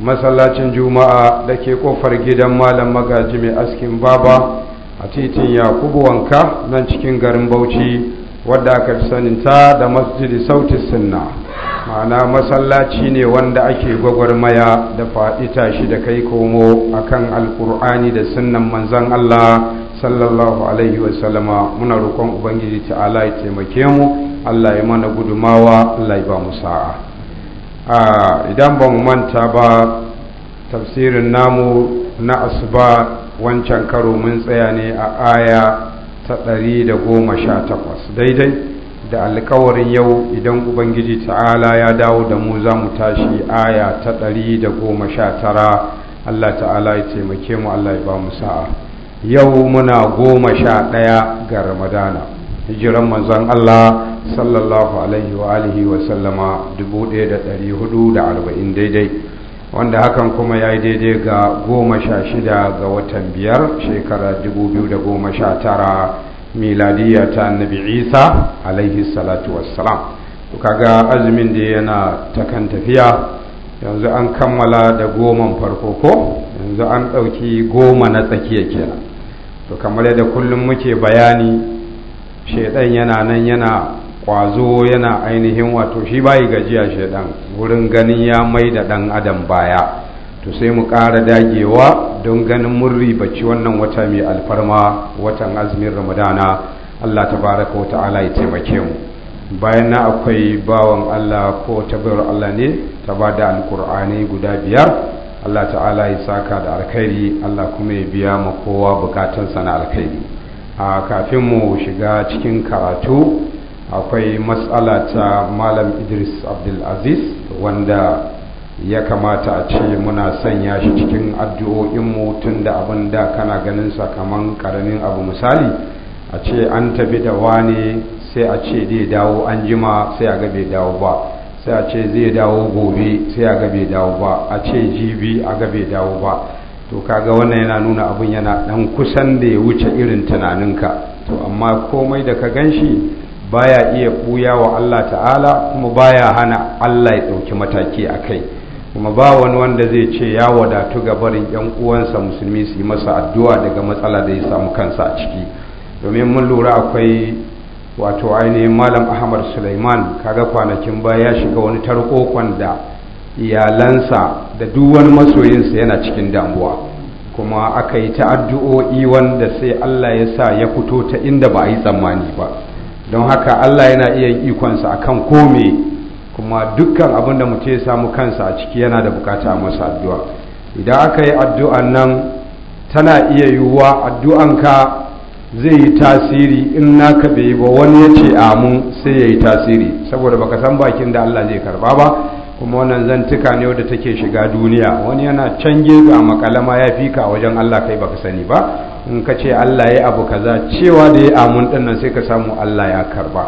masallacin juma'a da ke kofar gidan malam magaji mai askin baba a titin yakubu wanka nan cikin garin bauchi wadda aka fi saninta da masjidi sauti sunna ma'ana masallaci ne wanda ake gwagwarmaya da faɗi shi da kai komo a kan alƙur'ani da sunnan manzan allah sallallahu alaihi wasallama muna roƙon ubangiji ta'ala ya taimake mu allah ya mana gudumawa allah ya ba mu sa'a idan ba manta ba tafsirin namu na asuba wancan karo mun tsaya ne a aya ta ɗari da goma sha takwas daidai da alkawarin yau idan ubangiji ta'ala ya dawo da mu za mu tashi aya ta ɗari da goma sha tara allah ta'ala ya taimake mu allah ya ba mu sa'a yau muna goma sha ɗaya ga ramadana hijiran manzon allah sallallahu alaihi wa alihi wa sallama 1440 daidai wanda hakan kuma ya yi daidai ga goma sha shida ga watan biyar shekara 2019 miladiyya ta annabi isa alaihi salatu wassalam to kaga azumin da yana ta kan tafiya yanzu an kammala da goman farko ko yanzu an ɗauki goma na tsakiya kenan to kamar yadda kullum muke bayani shaidan yana nan yana kwazo yana ainihin wato shi bayi gajiya shaidan wurin ganin ya mai da dan adam baya to sai mu ƙara dagewa don ganin murri bacci wannan wata mai alfarma watan azumin ramadana allah ta baraka wa ta'ala ya taimake mu bayan na akwai bawan allah ko tabar allah ne ta ba da alkur'ani guda biyar allah ta'ala ya saka da alkhairi allah kuma ya biya ma kowa bukatunsa na alkhairi a kafin mu shiga cikin karatu akwai matsala ta malam idris abdulaziz wanda ya kamata a ce muna sanya shi cikin addu'o'inmu tun da abin da kana ganin kaman karamin abu misali a ce an tafi da wani sai a ce zai dawo an jima sai a bai dawo ba sai a ce zai dawo gobe sai a bai dawo ba a ce jibi a bai dawo ba to kaga wannan yana nuna abin yana dan kusan da ya wuce irin tunaninka to amma komai da ka gan shi baya iya ɓuya wa Allah ta'ala kuma baya hana Allah ya ɗauki mataki a kai kuma ba wani wanda zai ce ya wadatu ga barin 'yan uwansa musulmi su yi masa addu'a daga matsala da ya samu kansa a ciki domin mun lura akwai wato ainihin malam ahmad suleiman kaga kwanakin baya ya shiga wani tarkokon da iyalansa da duk wani masoyinsa yana cikin damuwa kuma aka yi ta addu'o'i wanda sai allah ya sa ya fito ta inda ba a yi tsammani ba don haka Allah yana iya ikonsa a kan kome kuma dukkan abin da mutu ya samu kansa a ciki yana da bukata masa addu'a idan aka yi addu'an nan tana iya yiwuwa addu'anka zai yi tasiri in naka bai yi ba wani ya ce amin sai ya yi tasiri saboda baka san bakin da Allah zai karba ba kuma wannan zantuka ne wadda take shiga duniya wani yana can gefe a makalama ya fi ka wajen Allah kai baka sani ba in ka ce Allah ya abu kaza cewa da ya amun din sai ka samu Allah ya karba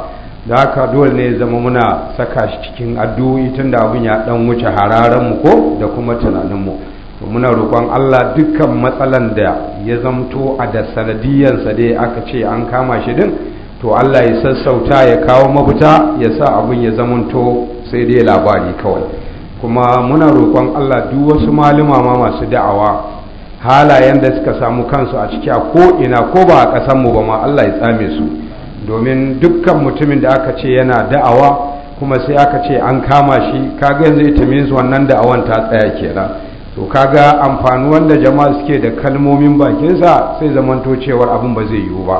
da haka dole ne zama muna saka shi cikin addu'o'i tunda abin ya ɗan wuce hararan mu ko da kuma tunanin mu to muna roƙon Allah dukkan matsalan da ya zamto a da sa dai aka ce an kama shi din to Allah ya sassauta ya kawo mafita ya sa abin ya zamanto sai dai labari kawai kuma muna roƙon Allah duk wasu malama ma masu da'awa halayen da suka samu kansu a ciki a ina ko ba a mu ba ma Allah ya tsame su domin dukkan mutumin da aka ce yana da'awa kuma sai aka ce an kama shi kaga yanzu ita means wannan da'awan ta tsaya kenan to kaga amfani wanda jama'a suke da kalmomin bakinsa sai zamanto cewar abin ba zai yiwu ba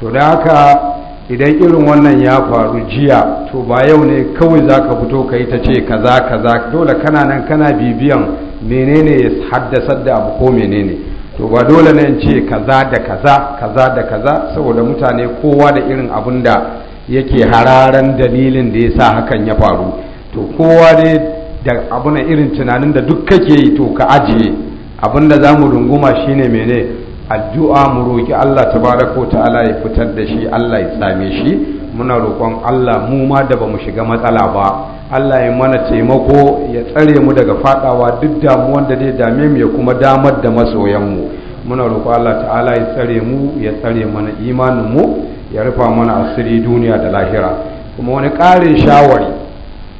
to da haka idan irin wannan ya faru jiya to ba yau ne kawai za ka fito ka yi ta ce kaza kaza dole kana nan kana bibiyan menene ya haddasar da abu ko menene to ba dole ne ce kaza da kaza kaza da kaza saboda mutane kowa da irin abun da yake hararan dalilin da ya sa hakan ya faru to kowa ne da abuna irin tunanin da duk kake yi to ka ajiye abin da za mu runguma shine mene addu'a mu roƙi Allah tabaraka ta'ala ya fitar da shi Allah ya same shi muna roƙon Allah mu ma da bamu shiga matsala ba Allah ya mana taimako ya tsare mu daga fadawa duk damuwan da zai dame mu ya kuma damar da masoyan mu muna roƙo Allah ta'ala ya tsare mu ya tsare mana imanin mu ya rufa mana asiri duniya da lahira kuma wani ƙarin shawari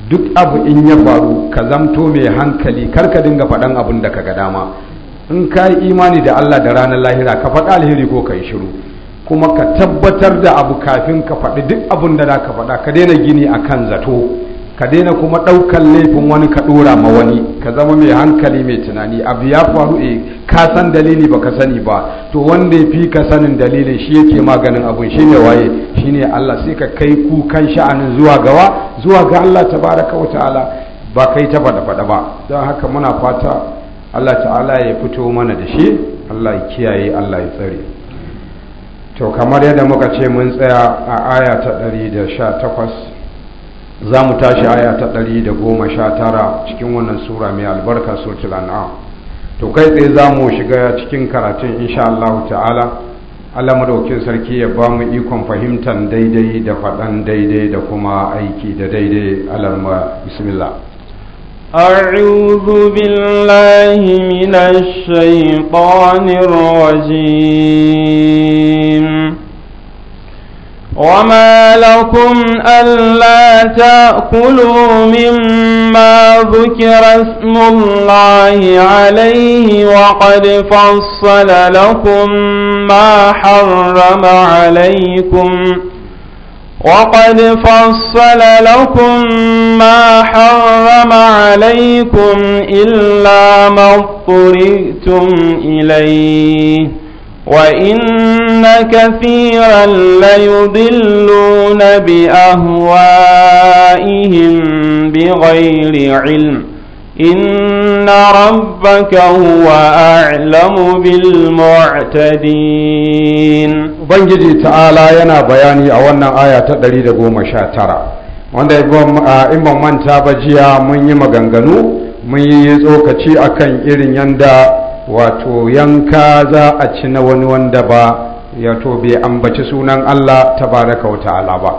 duk abu in ya faru ka zamto mai hankali kar ka dinga faɗan abin da ka ga dama in ka yi imani da Allah da ranar lahira ka faɗa alheri ko ka yi shiru kuma ka tabbatar da abu kafin ka faɗi duk abin da ka faɗa ka daina gini a kan zato ka daina kuma ɗaukar laifin wani ka ɗora ma wani ka zama mai hankali mai tunani abu ya faru e ka san dalili ba ka sani ba to wanda ya fi ka sanin dalilin shi yake maganin abun shi ne waye shi ne Allah sai ka kai kukan sha'anin zuwa gawa zuwa ga Allah tabaraka wa ta'ala ba kai ta faɗa faɗa ba don haka muna fata Allah ta'ala ya fito mana da shi Allah ya kiyaye Allah ya tsare to kamar yadda muka ce mun tsaya a aya ta 118 za mu tashi aya ta 119 cikin wannan sura mai albarka suratul an'am to kai tsaye za mu shiga cikin karatun insha Allah ta'ala Allah madaukin sarki ya ba mu ikon fahimtan daidai da faɗan daidai da kuma aiki da daidai alarma bismillah أعوذ بالله من الشيطان الرجيم وما لكم ألا تأكلوا مما ذكر اسم الله عليه وقد فصل لكم ما حرم عليكم وقد فصل لكم ما حرم عليكم إلا ما اضطرئتم إليه وإن كثيرا ليضلون بأهوائهم بغير علم إن ربك هو أعلم بالمعتدين Ubangiji ta'ala yana bayani a wannan aya ta ɗari da goma sha tara wanda in ban manta ba jiya mun yi maganganu mun yi tsokaci akan irin yanda wato yanka za a ci na wani wanda ba ya to bai ambaci sunan Allah tabaraka wa ta'ala ba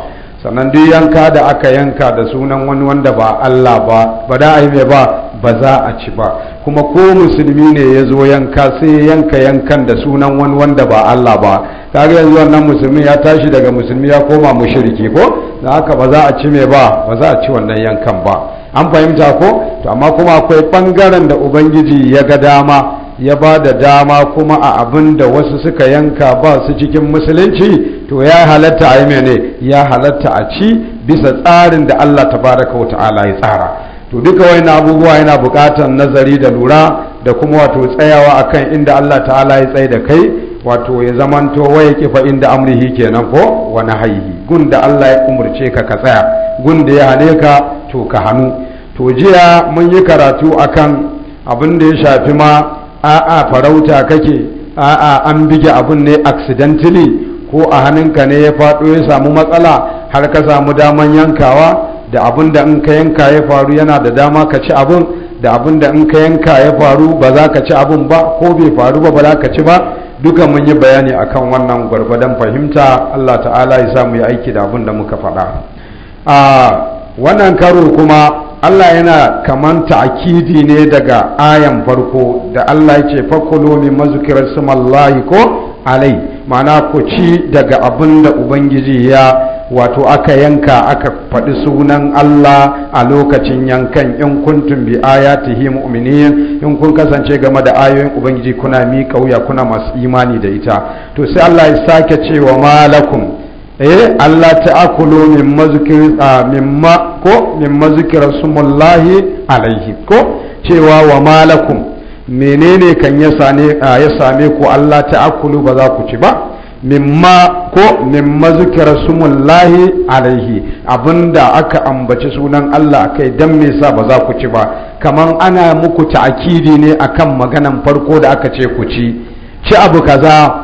sannan duk yanka da aka yanka da sunan wani wanda ba Allah ba ba da ai ba ba za a ci ba kuma ko musulmi ne ya zo yanka sai yanka yankan da sunan wani wanda ba Allah ba ga yanzu wannan musulmi ya tashi daga musulmi ya koma mushriki ko da haka ba za a ci mai ba ba za a ci wannan yankan ba an fahimta ko to amma kuma akwai bangaren da ubangiji ya ga dama ya ba da dama kuma a abin da wasu suka yanka ba su cikin musulunci to ya halatta a yi mene ya halatta a ci bisa tsarin da Allah Ta baraka wa ta'ala ya tsara to duka wani abubuwa yana bukatar nazari da lura da kuma wato tsayawa akan inda Allah ta'ala ya tsaye da kai wato ya zamanto waya kifa inda amrihi kenan ko wani haihi gun da Allah ya umurce ka ka tsaya gun da ya hane ka to ka hannu to jiya mun yi karatu akan abin da ya shafi ma a'a farauta kake a'a an bige abun ne accidentally ko a hannunka ne ya faɗo ya samu matsala har ka samu daman yankawa da abun da in ka yanka ya faru yana da dama ka ci abun da abun da in ka yanka ya faru ba za ka ci abun ba ko bai faru ba ba za ka ci ba duka mun yi bayani akan wannan gwargwadon fahimta Allah ta'ala ya sa ya aiki da abun da muka faɗa a wannan karo kuma Allah yana kamanta takidi ne daga ayan farko da Allah ya ce fakulu min mazkirar sumallahi ko alai ma'ana ku ci daga abin da ubangiji ya wato aka yanka aka faɗi sunan Allah a lokacin yankan in kuntum bi ayatihi mu'minin in kun kasance game da ayoyin ubangiji kuna miƙa wuya kuna masu imani da ita to sai Allah ya sake cewa malakun. eh Allah ta'akulu min mazkir ah, mimma ko min mazkir rasulullahi alaihi ko cewa wa malakum menene kan ya same ah, ya same ku Allah ta'akulu ba za ku ci ba ma ko min mazkir rasulullahi alaihi abinda aka ambaci sunan Allah kai dan me sa ba za ku ci ba kaman ana muku ta'kidi ne akan maganan farko da aka ce ku ci ci abu kaza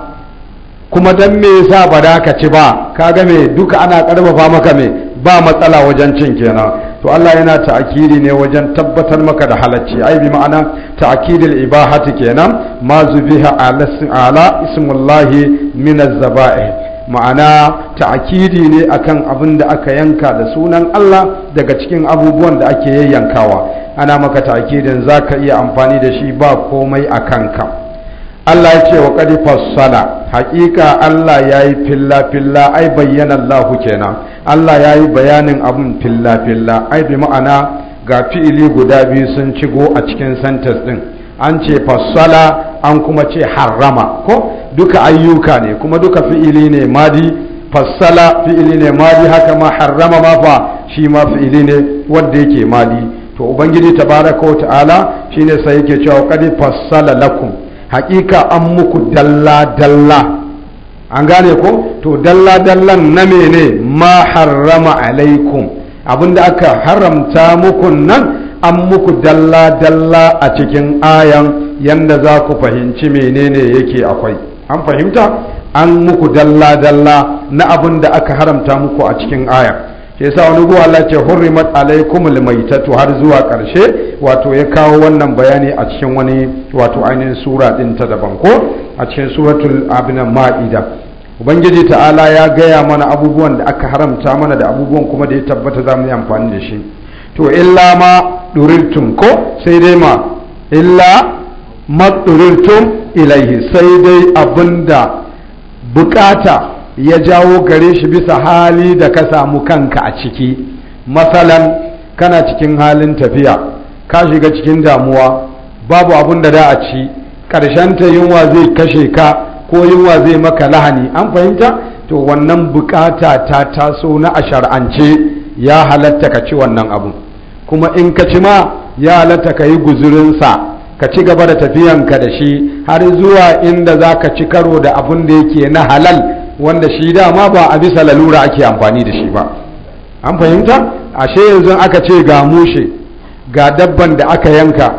kuma dan me yasa ba da ka ci ba ka ga me duka ana karfafa maka me ba matsala wajen cin kenan to Allah yana ta'akidi ne wajen tabbatar maka da halacci ai bi ma'ana ta'akidil ibahati kenan ma zubiha ala ala ismullahi min az zabai ma'ana ta'akidi ne akan abin da aka yanka da sunan Allah daga cikin abubuwan da ake yayyankawa ana maka ta'akidin zaka iya amfani da shi ba komai a kanka Allah ya ce wa kadi fassala haƙiƙa Allah ya yi filla filla ai bayyana Allah kenan Allah ya yi bayanin abin filla filla ai bi ma'ana ga fi'ili guda biyu sun cigo a cikin sentence din an ce fassala an kuma ce harrama ko duka ayyuka ne kuma duka fi'ili ne madi fassala fi'ili ne madi haka ma harrama ma fa shi ma fi'ili ne wanda yake madi to ubangiji tabaraka wa ta'ala shine sai yake cewa qad fassala lakum haƙiƙa an muku dalla-dalla an gane ko to dalla-dallan na mene ma harrama alaikum abinda aka haramta muku nan an muku dalla-dalla a cikin ayan yadda za ku fahimci menene yake akwai an fahimta an muku dalla-dalla na abinda aka haramta muku a cikin ayan shi yasa wani guwa Allah ce hurrimat alaikum maitatu har zuwa karshe wato ya kawo wannan bayani a cikin wani wato ainihin sura din ta daban ko a cikin suratul abna ma'ida ubangiji ta'ala ya gaya mana abubuwan da aka haramta mana da abubuwan kuma da ya tabbata za mu yi amfani da shi to illa ma durirtum ko sai dai ma illa ma durirtum ilaihi sai dai abinda bukata ya jawo gare shi bisa hali da ka samu kanka a ciki masalan kana cikin halin tafiya ka shiga cikin damuwa babu abun da da a ci ta yunwa zai kashe ka ko yunwa zai maka lahani an fahimta to wannan bukata ta taso na a shar'ance ya halatta ka ci wannan abu kuma in ka ci ma ya halatta ka yi guzurinsa ka ci gaba da tafiyanka da shi har zuwa inda za ka ci karo da abun da yake na halal wanda shi dama ba a bisa lalura ake amfani da shi ba an fahimta ashe yanzu aka ce ga mushe ga dabban da aka yanka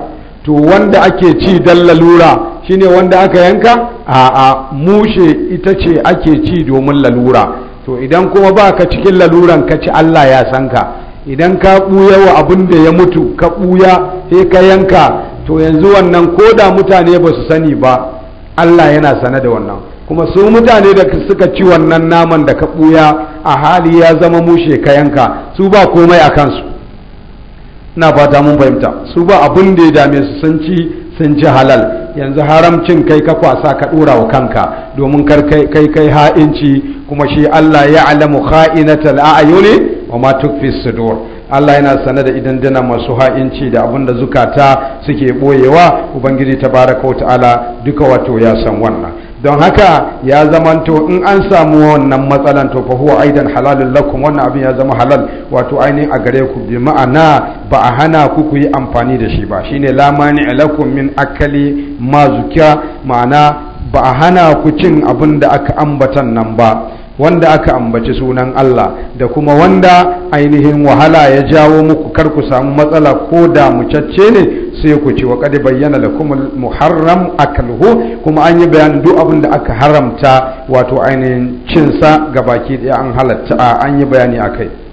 to wanda ake ci dan lalura shine wanda aka yanka a'a mushe ita ce ake ci domin lalura to idan kuma ba ka cikin laluran ka ci Allah ya san ka idan ka buya wa abin da ya mutu ka buya sai ka yanka to yanzu wannan ko da mutane ba su sani ba Allah yana sane da wannan kuma su mutane da suka ci wannan naman da ka ɓuya a hali ya zama mushe ka yanka su ba komai a kansu na fata mun fahimta su ba abin da ya dame su sun ci sun ci halal yanzu haramcin kai ka kwasa ka ɗora wa kanka domin kar kai kai ha'inci kuma shi Allah ya alamu kha'inatal a'yuni wa ma tukfi sudur Allah yana sane da idan dana masu ha'inci da abin da zukata suke ɓoyewa Ubangiji ta baraka wa ta'ala duka wato ya san wannan don haka ya zamanto in an samu wannan matsalan to fa huwa aidan halalun lakum wannan abin ya zama halal wato ainihin a gare ku bi ma'ana ba a hana ku ku yi amfani da shi ba shine la mani lakum min akali ma ma'ana ba a hana ku cin abin da aka ambatan nan ba wanda aka ambaci sunan Allah da kuma wanda ainihin wahala ya jawo muku kar ku samu matsala ko da mucacce ne sai ku ci wa qad bayyana lakum muharram akalhu kuma an yi bayani duk abin da aka haramta wato ainihin cinsa baki daya an halatta an yi bayani akai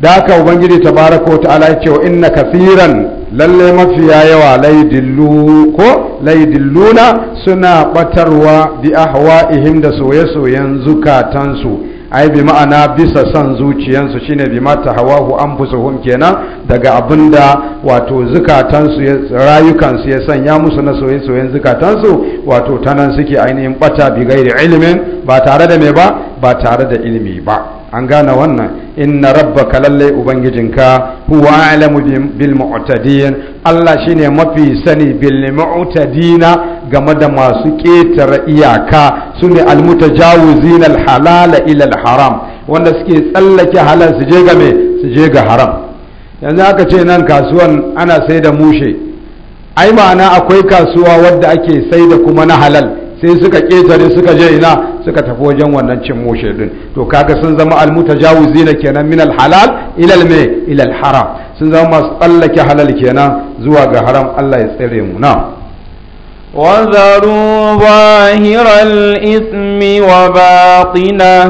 da aka ubangiji tabaraka ta'ala ya ce wa inna kafiran lalle mafiya yawa laidillu ko laidilluna suna batarwa bi ahwa'ihim da soye-soyen zukatansu ai bi ma'ana bisa san zuciyansu shine bi mata hawahu anfusuhum kenan daga abinda wato zukatansu rayukansu ya sanya musu na soye-soyen zukatansu wato tanan suke ainihin bata bi gairi ilimin ba tare da me ba ba tare da ilimi ba an gane wannan inna rabbaka lalle ubangijinka huwa a'lamu bil mu'tadin Allah shine mafi sani bil mu'tadina game da masu ketare iyaka sune al mutajawizin al halala ila al haram wanda suke tsallake halal su je ga me su je ga haram yanzu aka ce nan kasuwan ana sai da mushe ai ma'ana akwai kasuwa wadda ake sai da kuma na halal sai suka ketare suka je ina suka tafi wajen wannan cin mushe din to kaga sun zama almutajawizina kenan min alhalal ilal alme ilal haram sun zama masu tsallake halal kenan zuwa ga haram Allah ya tsire mu na وذروا ismi wa وباطنه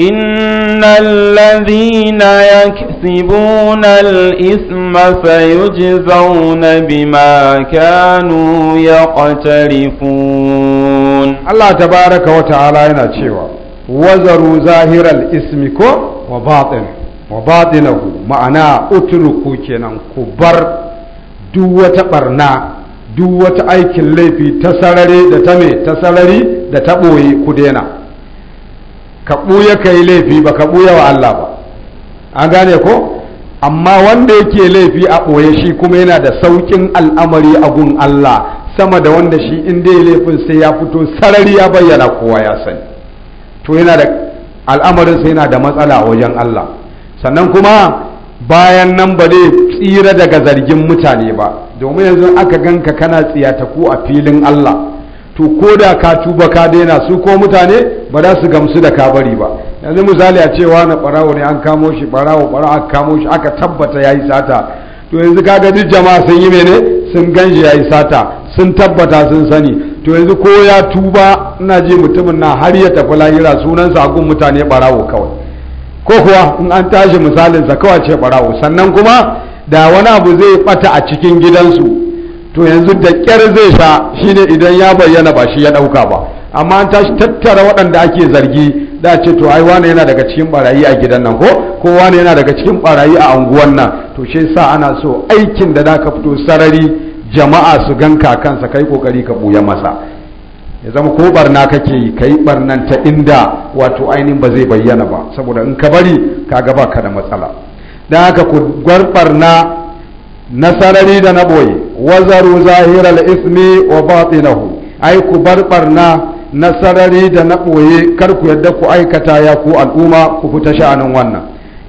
إن الذين يكسبون الإثم فيجزون بما كانوا يقترفون الله تبارك وتعالى هنا تشيوا وزروا ظاهر الإثم كو وباطن وباطنه معنى اتركوا كنا كبر دوة برنا دوة أيك اللي تسالري دتمي تسالري دتبوي كدينا ka ɓuya ka yi laifi ba ka ɓuya wa Allah ba an gane ko amma wanda yake laifi a ɓoye shi kuma yana da saukin al'amari a gun Allah sama da wanda shi in dai laifin sai ya fito sarari ya bayyana kowa ya sani to yana da al'amarin sai yana da matsala a wajen Allah sannan kuma bayan nan ba zai tsira daga zargin mutane ba domin yanzu aka ganka kana tsiyataku a filin Allah to ko da ka tuba ka daina su ko mutane ba za su gamsu da ka bari ba yanzu misali a cewa na barawo ne an kamo shi barawo barawo aka kamo shi aka tabbata ya sata to yanzu kaga duk jama'a sun yi mene sun ganje yayi sata sun tabbata sun sani to yanzu ko ya tuba ina ji mutumin na har ya tafi lahira sunansa a gun mutane barawo kawai ko kuwa in an tashi misalinsa kawai ce barawo sannan kuma da wani abu zai bata a cikin gidansu to yanzu da ƙyar zai sha shine idan ya bayyana ba shi ya ɗauka ba amma an tashi tattara waɗanda ake zargi da ce to ai wane yana daga cikin barayi a gidan nan ko ko wane yana daga cikin barayi a anguwan nan to shi sa ana so aikin da za ka fito sarari jama'a su ganka kansa kai kokari ka buya masa ya zama ko barna kake yi kai barnan ta inda wato ainihin ba zai bayyana ba saboda in ka bari ka ga baka da matsala dan haka ku barna na sarari da na boye wazaru zahiral ismi wa batinahu ai ku bar barna na sarari da na ɓoye kar ku yadda ku aikata ya ku al'umma ku fita sha'anin wannan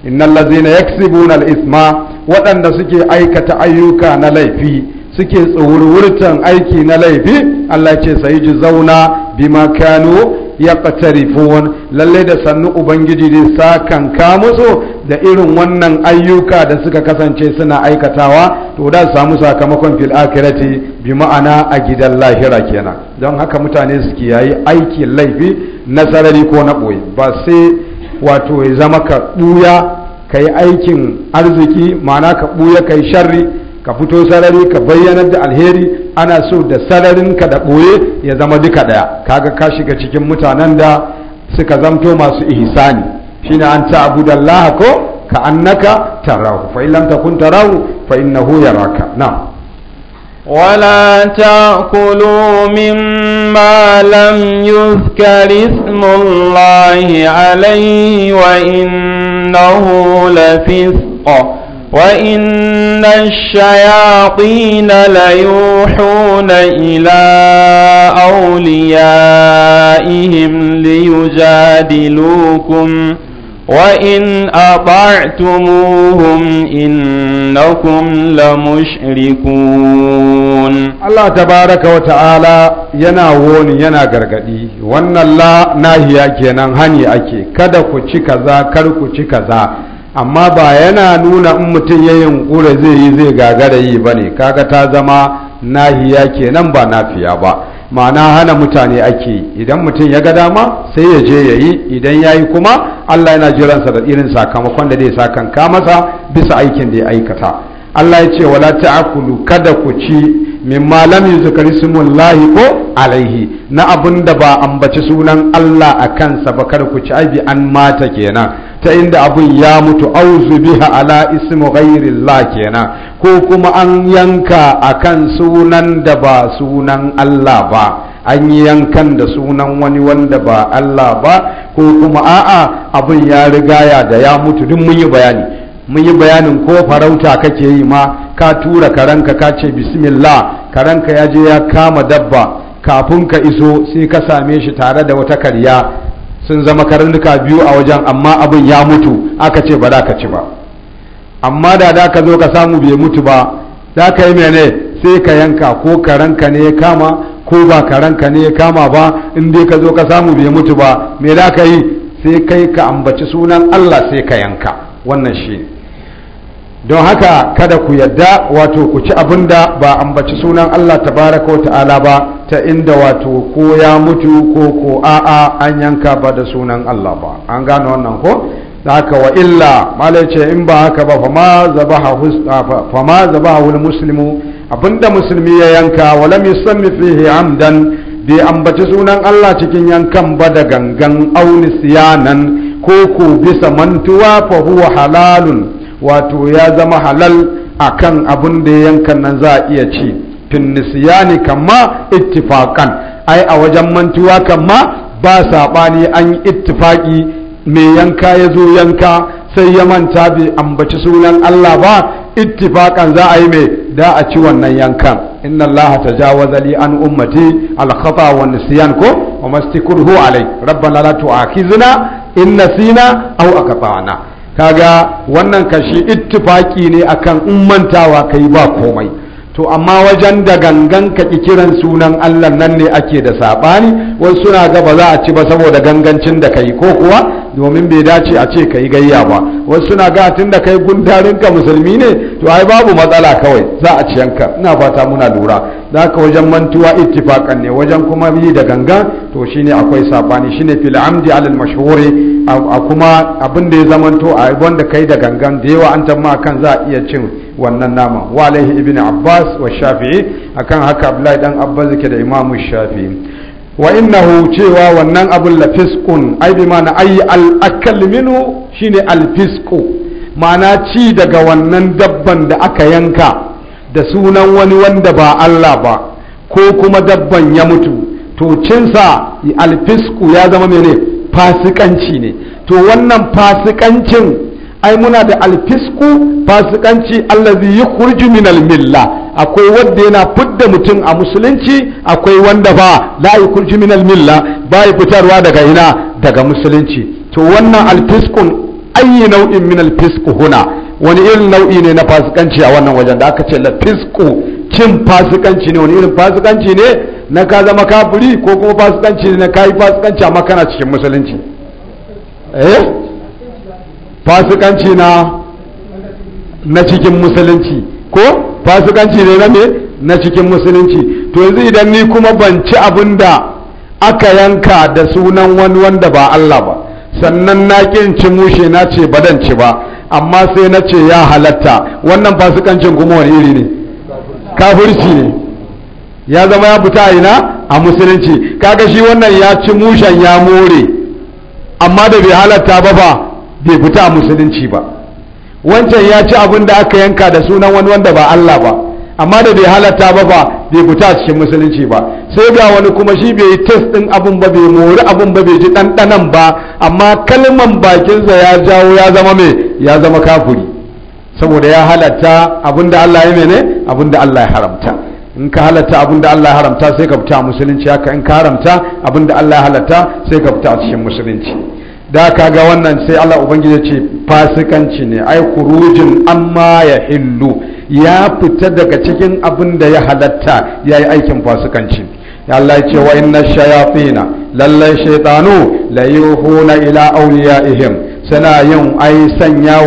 innal ladzina yaksibuna al-isma waɗanda suke aikata ayyuka na laifi suke tsawurwurtan aiki na laifi Allah ce sai ji zauna bima kanu yaqtarifun lalle da sannu ubangiji zai sakan ka musu da irin wannan ayyuka da suka kasance suna aikatawa to da samu sakamakon fil akhirati bi ma'ana a gidan lahira kenan don haka mutane su kiyayi aiki laifi na sarari ko na boye ba sai wato ya zama ka buya kai aikin arziki ma'ana ka buya kai sharri ka fito sarari ka bayyanar da alheri ana so da sararin ka da ɓoye ya zama duka ɗaya kaga ka shiga cikin mutanen da suka zamto masu ihsani shine an ta'budallaha ko ka annaka tarahu fa in lam takun tarahu fa innahu yaraka na'am ولا تأكلوا مما لم يذكر اسم الله عليه وإنه لفسق وإن الشياطين ليوحون إلى أوليائهم ليجادلوكم وإن أطعتموهم إنكم لمشركون الله تبارك وتعالى yana woni yana gargadi wannan la nahiya kenan hani ake kada ku ci kaza kar ku ci kaza amma ba yana nuna in mutum ya yunkura zai yi zai gagara yi ba ne kaga ta zama nahiya kenan ba nafiya ba ma'ana hana mutane ake idan mutum ya ga dama sai ya je ya yi idan ya yi kuma allah yana jiransa da irin sakamakon da zai sakanka masa bisa aikin da ya aikata allah ya ce wala ta'akulu kada ku ci min mimma lam yuzkar lahi ko alaihi na abin da ba ambaci sunan allah a kansa ba kada ku ci aibi an mata kenan ta inda abin ya mutu auzu biha ala ismu kenan ko kuma an yanka akan sunan da ba sunan Allah ba an yi yankan da sunan wani wanda ba Allah ba ko kuma a'a abin ya rigaya da ya mutu duk mun yi bayani mun yi bayanin ko farauta kake yi ma ka tura karanka ka ce bismillah karanka ya je ya kama dabba kafin ka iso sai ka same shi tare da wata karya sun zama karnuka biyu a wajen amma abin ya mutu aka ce ba za ka ci ba amma da da ka zo ka samu bai mutu ba za ka yi mene sai ka yanka ko karanka ne ya kama ko ba karanka ne ya kama ba in dai ka zo ka samu bai mutu ba me za ka yi sai kai ka ambaci sunan Allah sai ka yanka wannan shi don haka kada ku yadda wato ku ci abin da ba ambaci sunan Allah tabaraka wa ta'ala ba ta inda wato ko ya mutu ko ko a'a an yanka ba da sunan Allah ba an gane wannan ko haka wa illa malace in ba haka ba fama zabaha fama zabaha wal muslimu abinda musulmi ya yanka wala misammi fihi amdan bai ambaci sunan Allah cikin yankan ba da gangan auni siyanan ko ko bisa mantuwa fa huwa halalun wato ya zama halal akan abin da yankan nan za iya ci fin nisyani kama ittifaqan ai a wajen mantuwa kama ba saɓani an yi ittifaki mai yanka ya zo yanka sai ya manta bai ambaci sunan Allah ba ittifakan za a yi mai da a ci wannan yankan inna ta ja wazali an ummati al khata wa nisyan ko wa mastikurhu alai rabbana la tu'akhizna in nasina aw akata'na kaga wannan kashi ittifaki ne akan ummantawa kai ba komai to amma wajen da gangan ka ki kiran sunan Allah nan ne ake da saɓani wasu suna ga ba za a ci ba saboda gangancin da kai ko kuwa domin bai dace a ce ka gayya ba wasu suna ga tun da kai gundarin ka musulmi ne to ai babu matsala kawai za a ci yanka ina fata muna lura za ka wajen mantuwa ittifaqan ne wajen kuma yi da gangan to shine akwai saɓani shine fil amdi alal mashhuri a kuma abin da ya zamanto a wanda kai da gangan da yawa an tamma kan za a iya cin wannan nama wa alaihi ibn abbas wa shafi'i akan haka abdullahi dan abbas yake da imam shafi'i wa innahu cewa wannan abul lafisqun ai bi ma'ana ayi al akal minu shine al fisqu ma'ana ci daga wannan dabban da aka yanka da sunan wani wanda ba Allah ba ko kuma dabban ya mutu to cinsa alfisku ya zama mene fasikanci ne to wannan fasikancin ai muna da alfisku fasikanci allazi yukhruju min almilla akwai wanda yana fudda mutum a musulunci akwai wanda ba la yukhruju min almilla ba yi fitarwa daga ina daga musulunci to wannan alfiskun ayi nau'in min alfisku huna wani irin nau'i ne na fasikanci a wannan wajen da aka ce la fisku cin fasikanci ne wani irin fasikanci ne na ka zama kafiri ko kuma fasikanci ne na kayi fasikanci amma kana cikin musulunci eh fasikanci na na cikin musulunci ko fasikanci ne na me na cikin musulunci to yanzu idan ni kuma ban ci abin da aka yanka da sunan wani wanda ba Allah ba sannan na kin ci mushe na ce ba dan ci ba amma sai na ce ya halatta wannan fasikancin kuma wani iri ne kafirci ne ya zama ya fita ina a musulunci kaga shi wannan ya ci mushen ya more amma da bai halatta ba ba bai fita a musulunci ba wancan ya ci abin da aka yanka da sunan wani wanda ba Allah ba amma da bai halatta ba ba bai fita a cikin musulunci ba sai ga wani kuma shi bai test din abin ba bai mori abin ba bai ji ɗanɗanan ba amma kalman bakinsa ya jawo ya zama mai ya zama kafuri saboda ya halatta abin da Allah ya mene abin da Allah ya haramta in ka halatta abin da Allah ya haramta sai ka fita a musulunci haka in ka haramta abin da Allah ya halatta sai ka fita a cikin musulunci da ka ga wannan sai Allah ubangiji ce fasikanci ne ai kurujin amma ya hillu ya fita daga cikin abin da ya halatta ya yi aikin fasikanci ya Allah ce wa inna shayatina lallai shaitanu la yuhuna ila awliyaihim suna yin ai sanya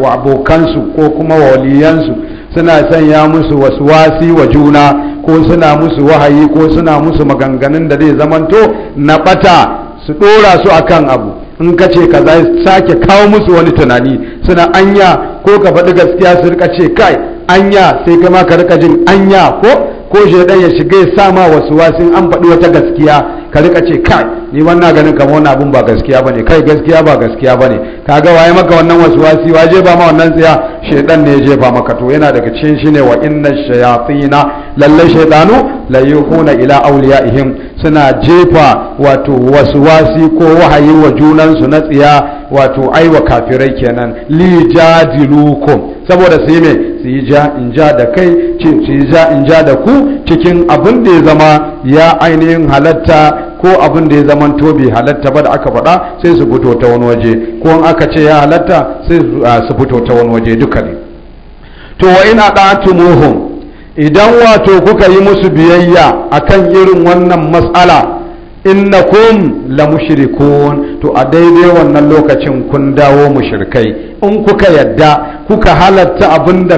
wa abokansu ko kuma waliyansu suna sanya musu waswasi wa juna ko suna musu wahayi ko suna musu maganganun da zai zamanto na bata su dora su akan abu in ka ce ka sake kawo musu wani tunani suna anya ko ka faɗi gaskiya su rika ce kai anya sai kama ka rika jin anya ko ko shaidan ya shiga ya sama wasu wasu an faɗi wata gaskiya ka rika ce kai ni wannan ganin kamar wani abun ba gaskiya bane kai gaskiya ba gaskiya bane kaga waye maka wannan wasu wasi waje ba ma wannan tsaya shaidan ne ya jefa maka to yana daga cikin shine wa inna shayatina lalle shaidanu la yuhuna ila awliyaihim suna jefa wato wasu wasi ko wahayi wa junansu na tsiya wato aiwa kafirai kenan lijadilukum saboda su yi mai su yi ja in ja da kai su yi ja in ja da ku cikin abin da ya zama ya ainihin halatta ko abin da ya zama to bai halatta ba da aka faɗa sai su fito ta wani waje ko in aka ce ya halatta sai su fito ta wani waje duka ne to wa ina ɗatumuhum idan wato kuka yi musu biyayya akan irin wannan matsala innakum la mushrikun to a daidai wannan lokacin kun dawo mushrikai in kuka yadda kuka halatta abin da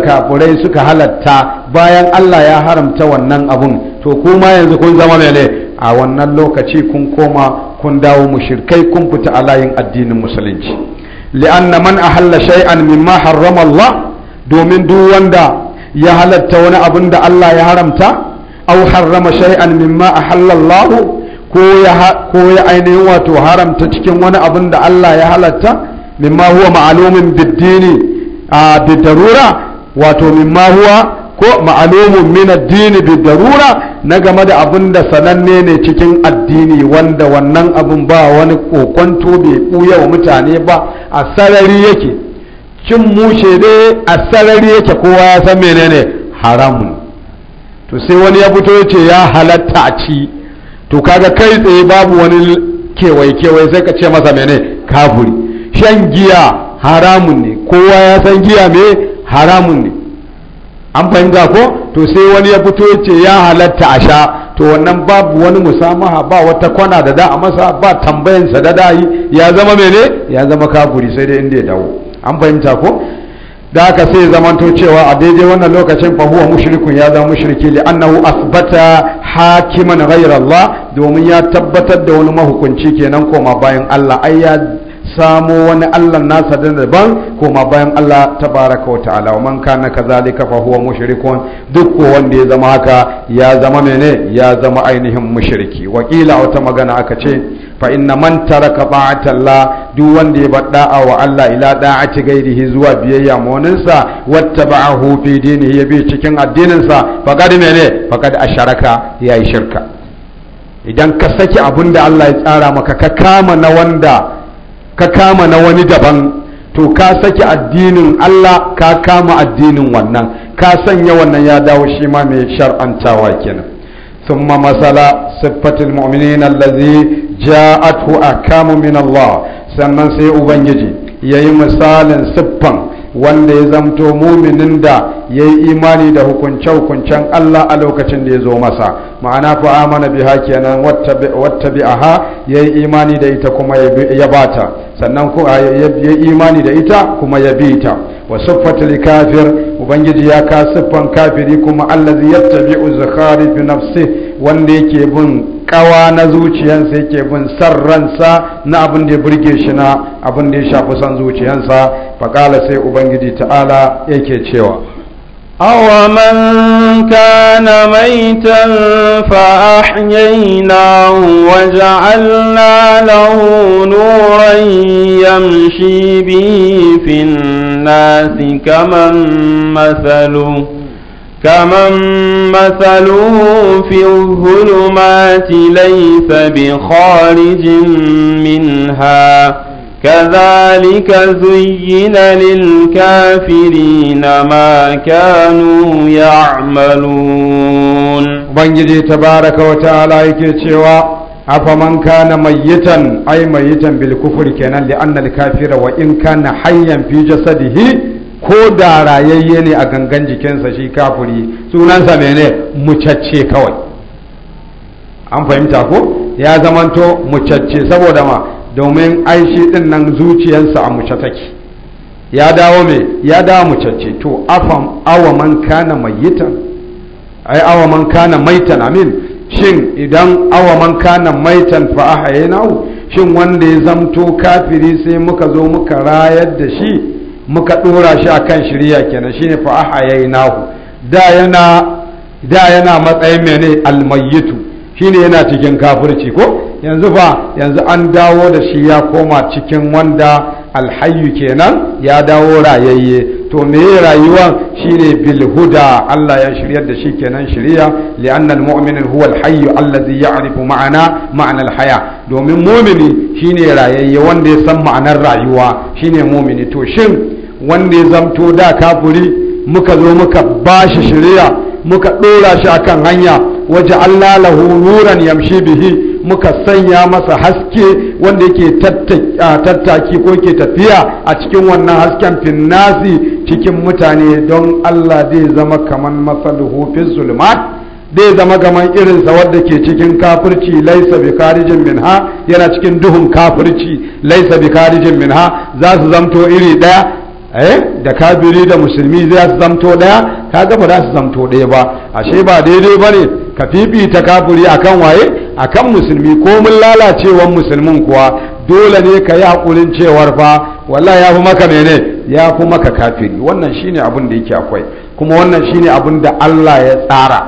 suka halatta bayan Allah ya haramta wannan abun to kuma yanzu kun zama mele a wannan lokaci kun koma kun dawo mushrikai kun fita a layin addinin musulunci li'anna man ahalla shay'an mimma harrama Allah domin duk wanda ya halarta wani abin da Allah ya haramta aw harrama shay'an mimma a Allah ko ya ainihin wato haramta cikin wani abin da Allah ya halatta mimma huwa ma'alumin biddini a bidarura wato mimma huwa ko ma'alumin min addini bidarura na game da abin da sananne ne cikin addini wanda wannan abin ba wani kokonto bai buya wa mutane ba a sarari yake cin mushe dai a sarari yake kowa ya san menene haramun to sai wani ya fito ya ce ya halatta a ci to kaga kai tsaye babu wani kewaye kewaye sai ka ce masa mene kafuri shan giya haramun ne kowa ya san giya me haramun ne an fahimta ko to sai wani ya fito ce ya halatta a sha to wannan babu wani musamaha ba wata kwana da da a masa ba tambayansa da da yi ya zama mene ya zama kafuri sai dai inda ya dawo an fahimta ko da aka sai zamanto cewa a daidai wannan lokacin fa huwa mushrikun ya zama mushriki li annahu asbata hakiman ghayra Allah domin ya tabbatar da wani mahukunci kenan koma bayan Allah ai ya samo wani Allah nasa da ban koma bayan Allah tabaraka wa ta'ala wa man kana kazalika fa huwa mushrikun duk ko wanda ya zama haka ya zama mene ya zama ainihin mushriki wakila wata magana aka ce fa inna man taraka Allah duk wanda ya bada wa Allah ila da'ati gairihi zuwa biyayya moninsa wattaba'ahu fi dinihi ya bi cikin addininsa faqad mene faqad asharaka yi shirka idan ka saki abinda Allah ya tsara maka ka kama na wanda ka kama na wani daban to ka saki addinin Allah ka kama addinin wannan ka sanya wannan ya dawo shi ma mai shar'antawa kenan ثم مثل صفة المؤمنين الذي جاءته أحكام من sannan sai ubangiji yayi misalin siffan wanda ya zamto muminin da ya yi imani da hukunce-hukuncen Allah a lokacin da ya zo masa ma'ana fa amana biha kenan wata bi'aha ya yi imani da ita kuma ya bata sannan ya yi imani da ita kuma ya bi ta wa siffatul kafir ubangiji ya ka siffan kafiri kuma allazi yattabi'u zakhari fi nafsi wanda yake bin kawa na zuciyansa yake bin sarransa na abin da ya burge shi na abin da ya shafi san zuciyansa faqala sai ubangiji ta'ala yake cewa أَوَمَنْ كَانَ مَيْتًا فَأَحْيَيْنَاهُ وَجَعَلْنَا لَهُ نُورًا يَمْشِي بِهِ فِي النَّاسِ الناس كمن مثله كمن مثله في الظلمات ليس بخارج منها كذلك زين للكافرين ما كانوا يعملون بنجي تبارك وتعالى يكي afaman kana mayyitan ay mayyitan bil kufri kenan li anna al kafira wa in kana hayyan fi jasadihi ko da rayayye ne a gangan jikinsa shi kafiri sunansa mene mucacce kawai an fahimta ko ya zamanto mucacce saboda ma domin ai shi din nan zuciyarsa a muce take ya dawo me ya dawo mucacce to afam awaman kana mayyitan ai awaman kana maitan amin shin idan awa man kana maitan fa ahyaynahu shin wanda ya zamto kafiri sai muka zo muka rayar da shi muka dora shi akan shirya kenan shine fa ahyaynahu da yana da yana matsayin mene almayyitu shine yana cikin kafirci ko yanzu fa yanzu an dawo da shi ya koma cikin wanda alhayyu kenan ya dawo rayayye to me rayuwa shine bil huda Allah ya shiryar da shi kenan shiriya li'anna al mu'min huwa al hayy allazi ya'rifu ma'ana ma'ana al haya domin mu'mini shine rayayye wanda ya san ma'anar rayuwa shine mu'mini to shin wanda ya zamto da kafuri muka zo muka bashi shiriya muka dora shi akan hanya waje Allah lahu nuran yamshi bihi muka sanya masa haske wanda yake tattaki ko ke tafiya a cikin wannan hasken finnasi cikin mutane don Allah zai zama kaman masaluhu fi zulmat zai zama gaman irinsa wadda ke cikin kafirci laisa bi karijin minha yana cikin duhun kafirci laisa bi karijin minha za su zamto iri daya eh da kafiri da musulmi za su zamto daya kaga ba za su zamto daya ba ashe ba daidai bane ka fifita kafiri akan waye akan musulmi ko mun lalacewan musulmin kuwa dole ne ka yi haƙurin cewar fa walla ya fi maka mene ya fi maka kafiri wannan shine abin da yake akwai kuma wannan shine abin da Allah ya tsara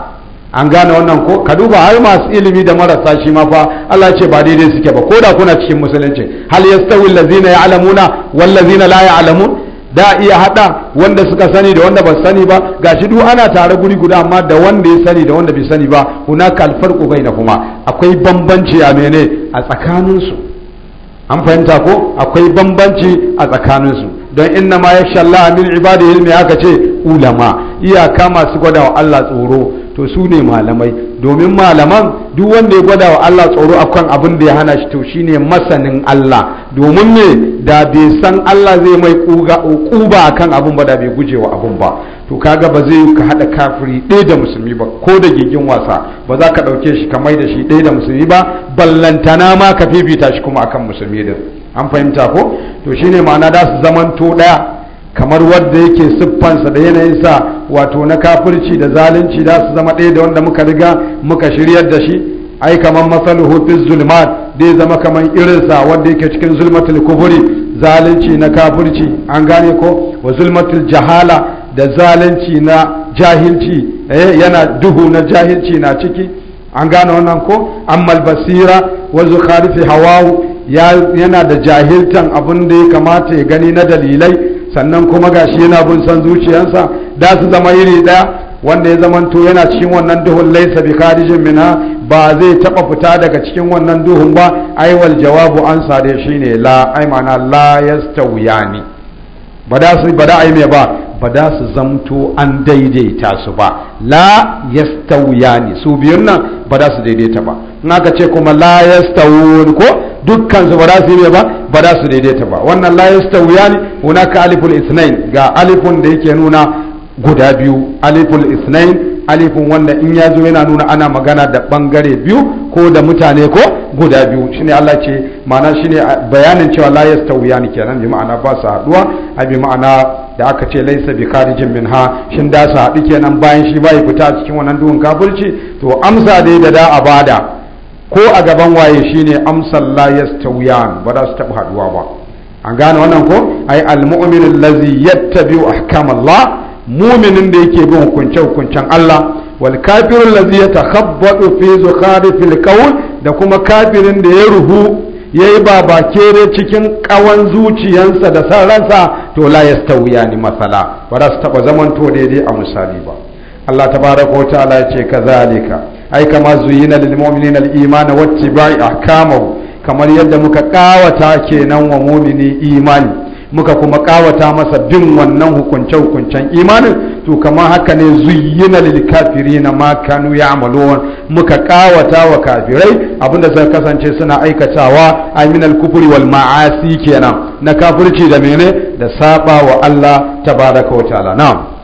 an gane wannan ko ka duba har masu ilimi da marasa shi ma fa Allah ce ba daidai suke ba ko da kuna cikin musulunci hal yastawi allazina ya'lamuna wal la ya'lamun da iya hada wanda suka sani da wanda ba sani ba ga shi duk ana tare guri guda amma da wanda ya sani da wanda bai sani ba kuna hunaka na kuma. akwai bambanci a mene a tsakanin an fahimta ko akwai bambanci a tsakaninsu. su don inna ma yakhsha Allah min ibadihi ilmi aka ce ulama iyaka masu gwada wa Allah tsoro to su ne malamai domin malaman duk wanda ya gwada wa Allah tsoro akan abin da ya hana shi to shine masanin Allah domin ne da bai san Allah zai mai kuba akan abin ba da bai guje wa abin ba to kaga ba zai ka hada kafiri ɗaya da musulmi ba ko da gigin wasa ba za ka ɗauke shi ka mai da shi ɗaya da musulmi ba ballantana ma ka fifita shi kuma akan musulmi din an fahimta ko to shine ma'ana da su zamanto ɗaya kamar wadda yake siffansa da yanayin sa wato na kafirci da zalunci za su zama ɗaya da wanda muka riga muka shiryar da shi ai kamar masaluhu fi zulmat zai zama kamar irinsa wadda yake cikin zulmatul kuburi zalunci na kafirci an gane ko wa zulmatul jahala da zalunci na jahilci eh yana duhu na jahilci na ciki an gane wannan ko ammal basira wa zukharifi hawa yana da jahiltan abin da ya kamata ya gani na dalilai sannan kuma gashi yana bin san zuciyarsa da su zama iri ɗaya wanda ya zamanto yana cikin wannan duhun laisa bi kharijin minha ba zai taba fita daga cikin wannan duhun ba ai wal jawabu an shi shine la ai mana la yastawiyani ba da su ba da ai me ba ba da su zamto an daidaita su ba la yastawiyani su biyun nan ba da su daidaita ba in aka ce kuma la yastawun ko dukkan su ba za su yi ba ba za su daidaita ba wannan la yastawiyani hunaka alifun isnain ga alifun da yake nuna guda biyu alifun isnain alifun wanda in ya zo yana nuna ana magana da bangare biyu ko da mutane ko guda biyu shine Allah ce ma'ana shine bayanin cewa la yastawiyani kenan bi ma'ana ba su haduwa a bi ma'ana da aka ce laisa bi kharijin minha shin da su haɗu kenan bayan shi bai fita cikin wannan duhun kafirci to amsa dai da da a bada. ko a gaban waye shine amsal la yastawiyan ba za su taɓa haɗuwa ba an gane wannan ko ai almu'min allazi yattabi'u ahkamallah mu'minin da yake bin hukunce hukuncen Allah wal kafiru allazi yatakhabbatu fi zukharifil qawl da kuma kafirin da ya ruhu yayi babakere cikin kawan zuciyansa da sararsa? to la ni masala ba za su taɓa zamanto daidai a misali ba Allah tabaraka wa ta'ala ya ce kazalika ai kama zuyina lil mu'minina al iman wa ittiba'i ahkamu kamar yadda muka kawata kenan wa mu'mini imani muka kuma kawata masa bin wannan hukunce hukuncen imanin to kamar haka ne zuyina lil kafirina ma kanu ya'malun muka kawata wa kafirai abinda suka kasance suna aikatawa aminal min al kufri wal ma'asi kenan na kafirci da mene da saba wa Allah tabaraka wa ta'ala na'am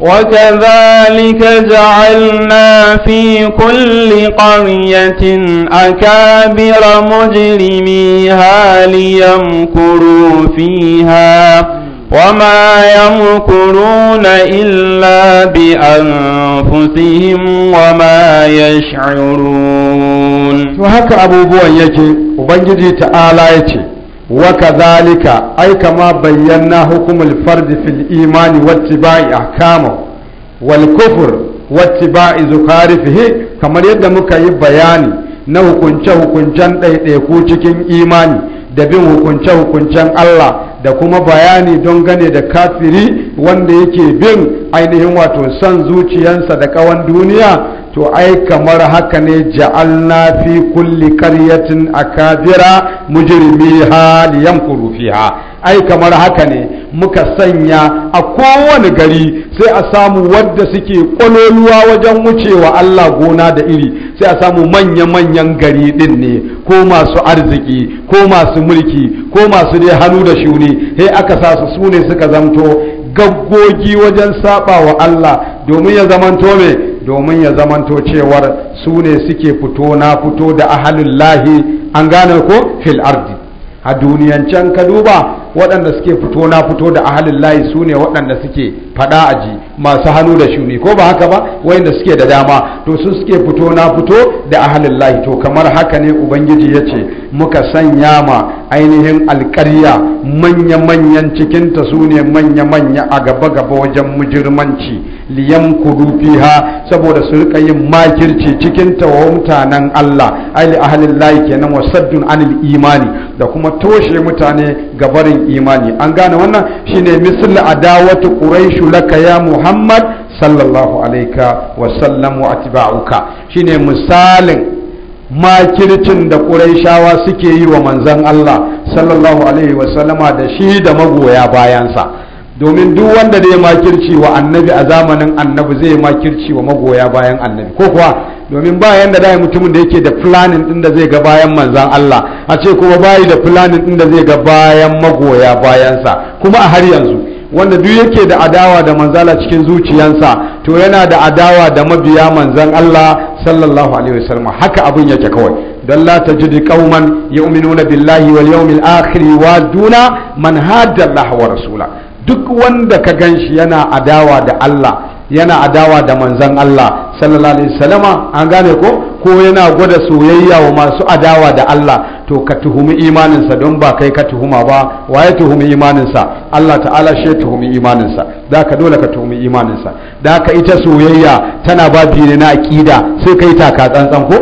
وكذلك جعلنا في كل قرية أكابر مجرميها ليمكروا فيها وما يمكرون إلا بأنفسهم وما يشعرون وهكا أبو بوان يجي وبنجي تعالى يجي وكذلك أي كما بينا حكم الفرد في الإيمان واتباع أحكامه والكفر واتباع kamar كما muka مكي بياني na hukunce-hukuncen ɗaiɗaiku cikin imani da bin hukunce-hukuncen Allah da kuma bayani don gane da kafiri wanda yake bin ainihin wato son zuciyansa da kawan duniya to ai kamar haka ne ja'alna fi kulli qaryatin akabira mujrimiha liyamkuru fiha ai kamar haka ne muka sanya a kowane gari sai a samu wadda suke kwaloluwa wajen wucewa Allah gona da iri sai a samu manya-manyan gari din ne ko masu arziki ko masu mulki ko masu dai hannu da shuni sai aka sa su ne suka zamto gaggogi wajen saba wa Allah domin ya zamanto mai domin ya zamanto cewar su ne suke fito na fito da lahi an gane ko fil ardi a duniyancan ka duba waɗanda suke fito na fito da lahi su ne waɗanda suke fada ji masu hannu da shuni ko ba haka ba wayanda suke da dama to su suke fito na fito da ahalin lahi to kamar haka ne ubangiji ya ce muka sanya ma ainihin alkarya manya-manyan cikinta su ne manya-manya a gaba-gaba wajen mujirmanci liyan kudu fiha saboda su rika yin makirci cikinta wa mutanen Allah aili ahalin lahi kenan wa saddun anil imani da kuma toshe mutane gabarin imani an gane wannan shine misl adawatu quraishu laka ya muhammad sallallahu alaika sallam wa ati atba'uka shine misalin makircin da ƙuraishawa suke yi wa manzan Allah sallallahu alaihi wa sallama da shi da magoya bayansa domin duk wanda zai makirci wa annabi a zamanin annabi zai makirci wa magoya bayan annabi ko kuwa domin ba yanda da mutumin da yake da planning din da zai ga bayan manzan Allah a ce kuma bayi da planning din da zai ga bayan magoya bayansa kuma a har yanzu wanda duk yake da adawa da manzala cikin zuciyansa to yana da adawa da mabiya manzan Allah sallallahu alaihi wasallam haka abin yake kawai dan la tajidu qauman yu'minuna billahi wal yawmil akhir wa duna man hadda Allah wa rasula duk wanda ka ganshi yana adawa da Allah yana adawa da manzan Allah sallallahu alaihi wasallam an gane ko ko yana gwada soyayya wa masu adawa da Allah to ka tuhumi imaninsa don ba kai ka tuhuma ba waye tuhumi imaninsa Allah ta'ala shi tuhumi imaninsa da ka dole ka tuhumi imaninsa da ka ita soyayya tana ba ne na akida sai kai taka tsantsan ko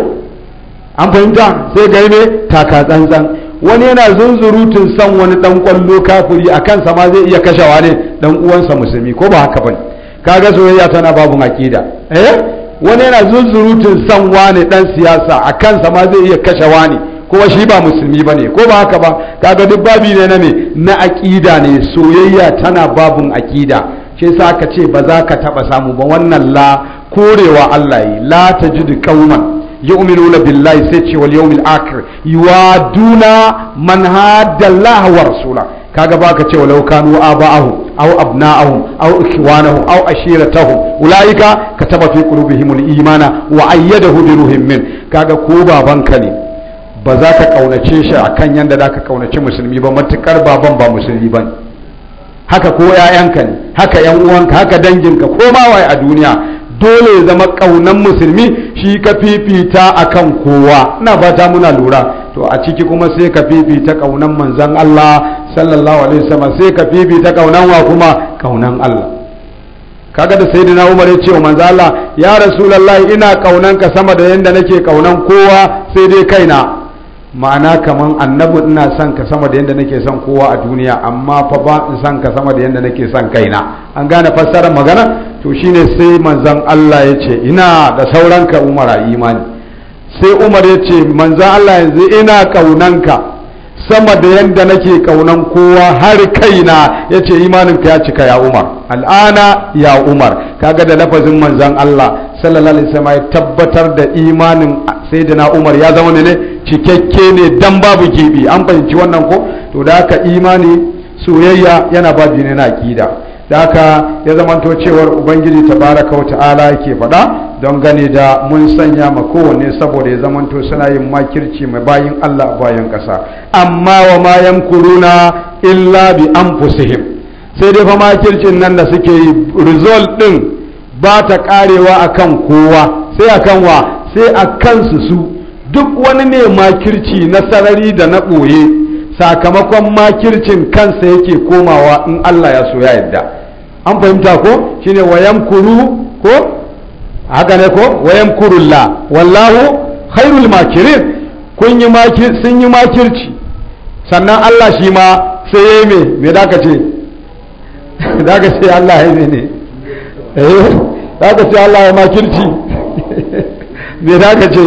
an fahimta sai kai ne taka tsantsan wani yana zunzurutun san wani dan kwallo kafiri a sa ma zai iya kashewa ne dan uwansa musulmi ko ba haka bane kaga soyayya tana babun akida eh wani yana zunzurutun san wani dan siyasa a kansa ma zai iya kashe wani kuma shi ba musulmi bane ko ba haka ba kaga duk babi ne na me na akida ne soyayya tana babun akida shi yasa aka ce ba za ka taba samu ba wannan la korewa Allah yi la tajidu qauman yu'minuna billahi sai ce wal yawmil akhir yuwaduna man hadda Allah wa rasulahu kaga ka ce walau kanu aba'ahum aw au aw au aw ashiratahum ulaika kataba fi qulubihim al-imana wa ayyadahu bi ruhin min kaga ko babanka ne ba za ka kaunace shi akan yanda za ka kaunace musulmi ba matukar baban ba musulmi ba haka ko yayanka ne haka yan uwanka haka danginka ko ma waye a duniya dole ya zama kaunan musulmi shi ka fifita akan kowa ina fata muna lura to a ciki kuma sai ka fifita kaunan manzon Allah sallallahu alaihi wasallam sai ka ta kaunan wa kuma kaunan Allah kaga da sayyidina Umar ya ce wa manzo Allah ya rasulullahi ina kaunan ka sama da yanda nake kaunan kowa sai dai kaina ma'ana kaman annabi ina son ka sama da yanda nake son kowa a duniya amma fa ba in son ka sama da yanda nake son kaina an gane fassarar magana to shine sai manzon Allah ya ce ina da sauranka Umar a imani sai Umar ya ce manzon Allah yanzu ina ka. sama da yadda nake kaunan kowa har kaina ya ce imaninka ya cika ya umar al'ana ya umar kaga da lafazin manzan Allah sallallahu alaihi wasallam ya tabbatar da imanin na umar ya zama ne cikakke ne dan babu gibi an fahimci wannan ko to da haka imani soyayya yana babu ne na akida daka ya zamanto cewar ubangiji tabaraka wa ta'ala yake faɗa don gani da mun sanya ma kowanne saboda ya zamanto suna yin makirci mai bayin Allah bayan ƙasa amma wa ma yamkuruna illa bi anfusihim sai dai fa makircin nan da suke yi result din ba ta karewa akan kowa sai akan wa sai akan su su duk wani ne makirci na sarari da na ɓoye sakamakon makircin kansa yake komawa in Allah ya so ya yarda an fahimta ko shine wayan kuru ko haka ne ko wayan kurulla wallahu khairul makirin kun yi makir sun yi makirci sannan Allah shi ma sai yi me me da ka ce da ka ce Allah ya ne eh da ka ce Allah ya makirci me da ka ce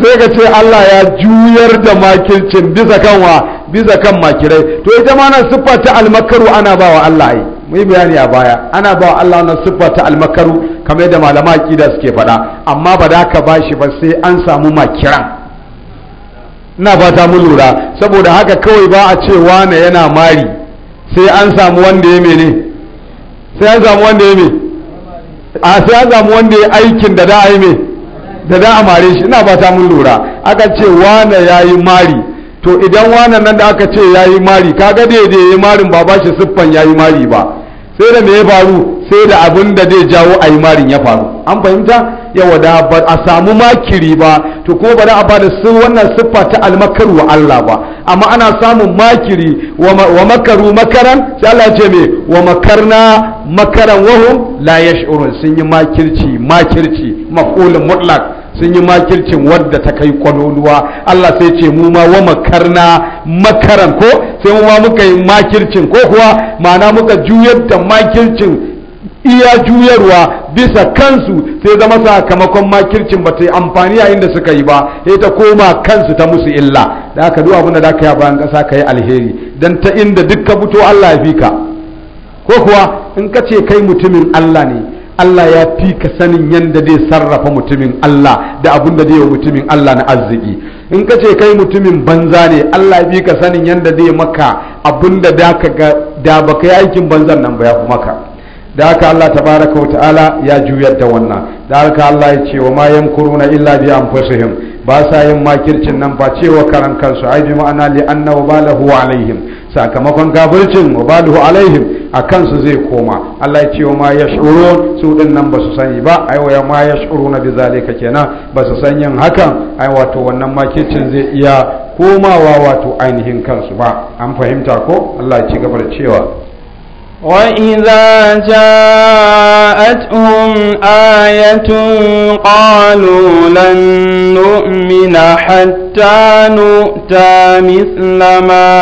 sai ka ce Allah ya juyar da makircin bisa kanwa bisa kan makirai to ita ma nan siffa ta almakaru ana bawa Allah yi muyi bayani a baya ana ba Allah na siffa ta almakaru kamar yadda malama aqida suke faɗa amma ba da ka shi ba sai an samu makiran ina fata mun lura saboda haka kawai ba a ce wane yana mari sai an samu wanda ya mene sai an samu wanda ya me a sai an samu wanda ya aikin da da a yi me da da a mare shi ina fata mun lura aka ce wane ya yi mari to idan wane nan da aka ce ya yi mari kaga daidai ya yi marin ba ba shi siffan ya yi mari ba sai da me ya faru sai da abin da zai jawo a yi marin ya faru an fahimta yawa da ba a samu makiri ba to ko ba a bada su wannan siffa ta almakaru wa Allah ba amma ana samun makiri wa makaru makaran sai Allah ce me wa makarna makaran wahum la yash'urun sun yi makirci makirci maf'ulun mutlaq sun yi makircin wadda ta kai kwaloluwa Allah sai ce mu ma wa makarna makaran ko sai mu ma muka yi makircin ko kuwa ma'ana muka juyar da makircin iya juyarwa bisa kansu sai zama sakamakon makircin ba ta yi amfani a inda suka yi ba sai ta koma kansu ta musu illa da aka duwa abinda da aka ka yi bayan ƙasa ka yi alheri don ta inda duk ka fito Allah ya fi ka ko kuwa in ka ce kai mutumin Allah ne Allah ya fi ka sanin yadda zai sarrafa mutumin Allah da abin da zai mutumin Allah na arziki in ka ce kai mutumin banza ne Allah ya fi ka sanin yadda zai maka abin da da ka da baka yi aikin banzan nan ba ya kuma ka da haka Allah tabaraka wa ta'ala ya juyar da wannan da haka Allah ya ce wa ma yamkuruna illa bi anfusihim ba sa yin makircin nan ba cewa karan kansu ai bi ma'ana li anna balahu alaihim sakamakon kafircin wa baduhu alaihim a kansu zai koma Allah ya ce wa ma shuru su din nan ba su sani ba aiwa wa ma na bi zalika kenan ba su san yin hakan ai wato wannan makicin zai iya komawa wato ainihin kansu ba an fahimta ko Allah ya ci gaba da cewa وإذا جاءتهم آية قالوا لن نؤمن حتى نؤتى مثل ما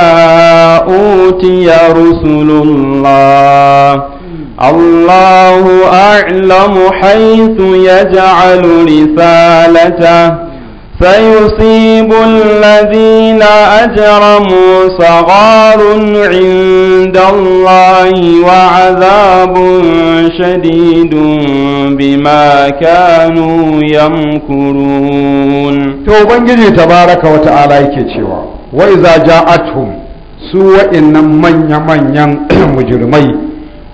أوتي رسل الله الله أعلم حيث يجعل رسالته فيصيب الذين أجرموا صغار عند الله وعذاب شديد بما كانوا يمكرون توبنجي تبارك وتعالى يكتشوا وإذا جاءتهم سوء إن من يمن مجرمي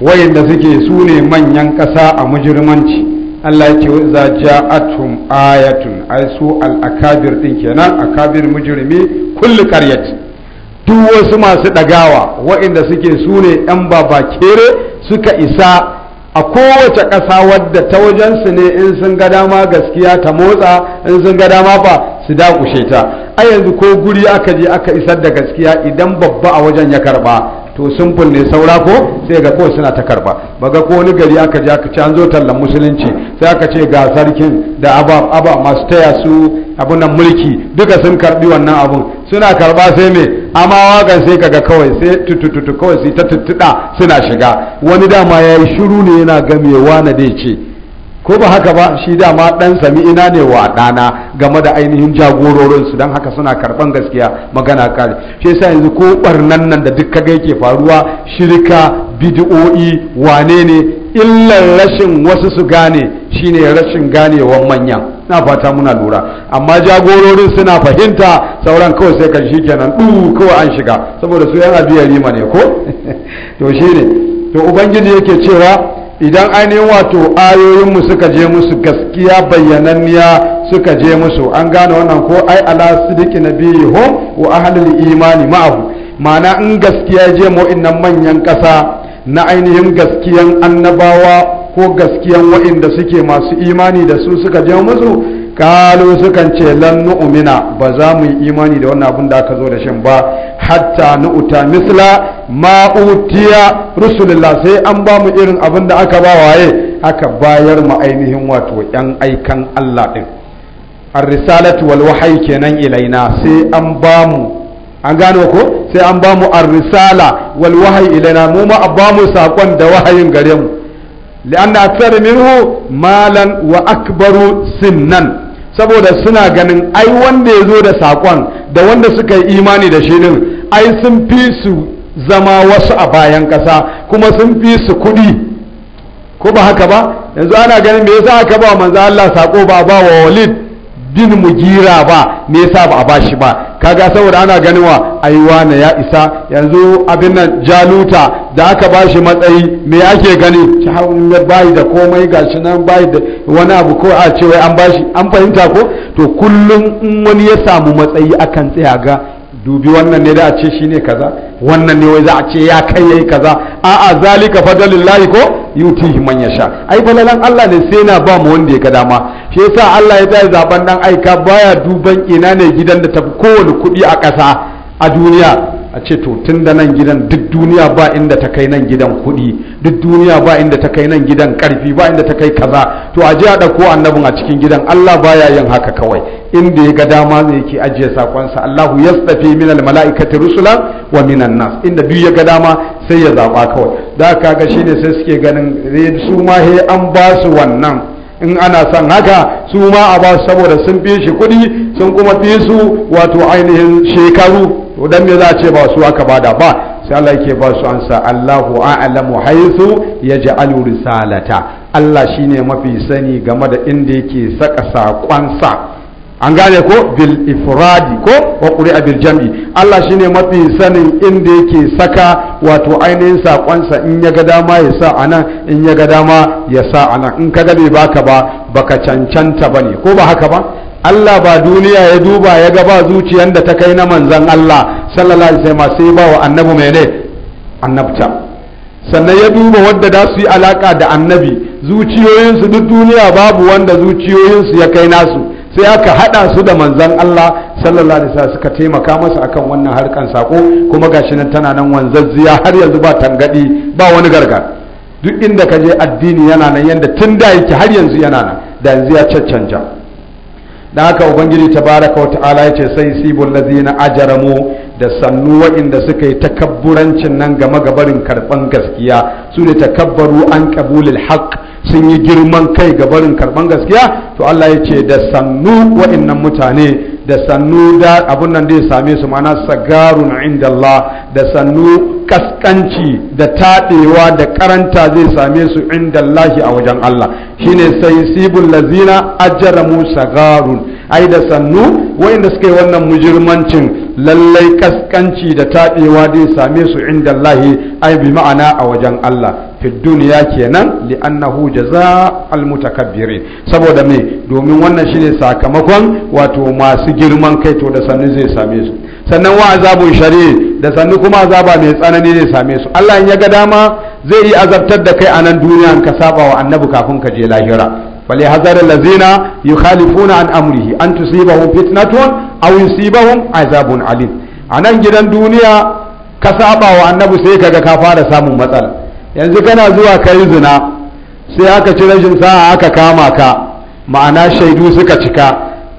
وإن ذكي سوني من ينكسى مجرمانتي Allah ya ce wa iza ja'atuhum ayatun ai su al-akabir din kenan akabir mujrimi kullu karyat duk wasu masu dagawa waɗanda suke sune ne baba kere suka isa a kowace ƙasa wadda ta wajensu ne in sun ga dama gaskiya ta motsa in sun ga dama ba su dakushe ta a yanzu ko guri aka je aka isar da gaskiya idan babba a wajen ya karba to simple ne saura ko sai ga kowai suna ta karba ba ga ko wani gari aka je aka canzo an tallan musulunci sai aka ce ga sarkin da abab aba masu taya su abun nan mulki duka sun karbi wannan abun suna karba sai me amawa ga sai kaga kawai sai tututu kawai sai ta tuttuda suna shiga wani dama yayi shiru ne yana gamewa na dai ce ko ba haka ba shi dama dan sami ina ne wa dana game da ainihin jagororin su dan haka suna karban gaskiya magana kare shi yasa yanzu ko barnan nan da duk kaga yake faruwa shirka bid'o'i wane ne illan rashin wasu su gane shine rashin ganewan manya na fata muna lura amma jagororin suna fahimta sauran kawai sai kan shikenan du kawai an shiga saboda su yan abiya rima ne ko to shine to ubangiji yake cewa idan ainihin wato ayoyinmu suka je musu gaskiya bayyananniya suka je musu an gane wannan ko ai ala sidiki nabiyihum wa ahlul imani ma'ahu ma'ana in gaskiya je mu manyan ƙasa na ainihin gaskiyan annabawa ko gaskiyan wa'inda suke masu imani da su suka je musu kalu sukan ce lan nu'mina ba za mu yi imani da wannan abin da aka zo da shin ba hatta nu'ta misla ma utiya rusulullah sai an ba mu irin abin da aka ba waye aka bayar mu ainihin wato yan aikan Allah din ar-risalatu wal wahyi kenan ilaina sai an ba mu an gano ko sai an ba mu ar-risala wal wahyi ilaina mu ma ba mu sakon da wahayin gare mu لأن أكثر منه مالا wa akbaru sinnan saboda suna ganin ai wanda ya zo da saƙon da wanda suka yi imani da shi din ai sun fi su zama wasu a bayan ƙasa kuma sun fi su kuɗi ko ba haka ba yanzu ana ganin me yasa aka ba manzo Allah sako ba ba wa Walid Din mu gira ba me yasa ba a bashi ba kaga saboda ana ganin wa ai na ya isa yanzu abin nan jaluta da aka bashi matsayi me ake gani bai da komai gashi nan bai da wani abu ko a ce wai an bashi an fahimta ko to kullum in wani ya samu matsayi akan tsaya ga dubi wannan ne da a ce shine kaza wannan ne wai za a ce ya kai yayi kaza a'a zalika fadalillahi ko yutihi man yasha ai balalan Allah ne sai yana ba mu wanda ya ga dama shi yasa Allah ya tsaya zaben dan aika baya duban ina ne gidan da tafi kowane kuɗi a ƙasa a duniya a ce to tun da nan gidan duk duniya ba inda ta kai nan gidan kuɗi duk duniya ba inda ta kai nan gidan ƙarfi ba inda ta kai kaza to a je a ɗauko annabin a cikin gidan Allah baya yin haka kawai inda ya ga dama ne yake ajiye sakonsa Allahu yastafi minal mala'ikati rusula wa minan nas inda duk ya ga dama sai ya zaba kawai da shi ne sai suke ganin su ma he an ba su wannan in ana son haka su ma a ba saboda sun fi shi kuɗi sun kuma fi su wato ainihin shekaru to dan za a ce ba su aka bada ba sai Allah yake ba su ansa Allahu a'lamu haythu yaj'alu risalata Allah shine mafi sani game da inda yake saka sakonsa an gane ko bil ifradi ko wa qur'a bil jam'i Allah shine mafi sanin inda yake saka wato ainihin sakonsa in ya ga dama ya sa anan in ya ga dama ya sa anan in ga bai baka ba baka cancanta bane ko ba haka ba Allah ba duniya ya duba ya ga ba zuciyar da ta kai na manzan Allah sallallahu alaihi wasallam sai ba wa annabi mene annabta sannan ya duba wadda da su yi alaka da annabi zuciyoyinsu duk duniya babu wanda zuciyoyinsu ya kai nasu sai aka hada su da manzan Allah sallallahu alaihi wasallam suka taimaka masa akan wannan harkan sako kuma gashi nan tana nan wanzazziya har yanzu ba tangadi ba wani gargar duk inda ka je addini yana nan yanda tun da yake har yanzu yana nan da yanzu ya caccanja da haka ubangiji tabaraka wa ta'ala ya ce sai sibul ladina ajaramu da sannu waɗanda suka yi takabburancin nan game gabarin karɓan gaskiya su ne takabbaru an qabulil haqq sun yi girman kai ga barin karban gaskiya to Allah ya ce da sannu wa'annan mutane da sannu da abun nan da ya same su mana sagarun inda Allah da sannu kaskanci da taɗewa da karanta zai same su inda Allah a wajen Allah shine sai sibul lazina ajramu sagarun ai da sannu wa'inda suka wannan mujirmancin lallai kaskanci da taɗewa zai same su inda Allahi ai bi ma'ana a wajen Allah fi duniya kenan annahu jaza mutakabbirin saboda me domin wannan shine sakamakon wato masu girman kai to da sannu zai same su sannan wa azabun shari'i da sannu kuma azaba mai tsanani zai same su Allah in ya ga dama zai yi azabtar da kai a nan duniya ka saba wa annabi kafin ka je lahira فليحذر الذين يخالفون عن أمره أن تصيبهم فتنة أو يصيبهم عذاب عليم أنا gidan duniya ka saba wa annabi sai kaga ka fara samun matsala yanzu kana zuwa kai zina sai aka ci rashin sa'a aka kama ka ma'ana shaidu suka cika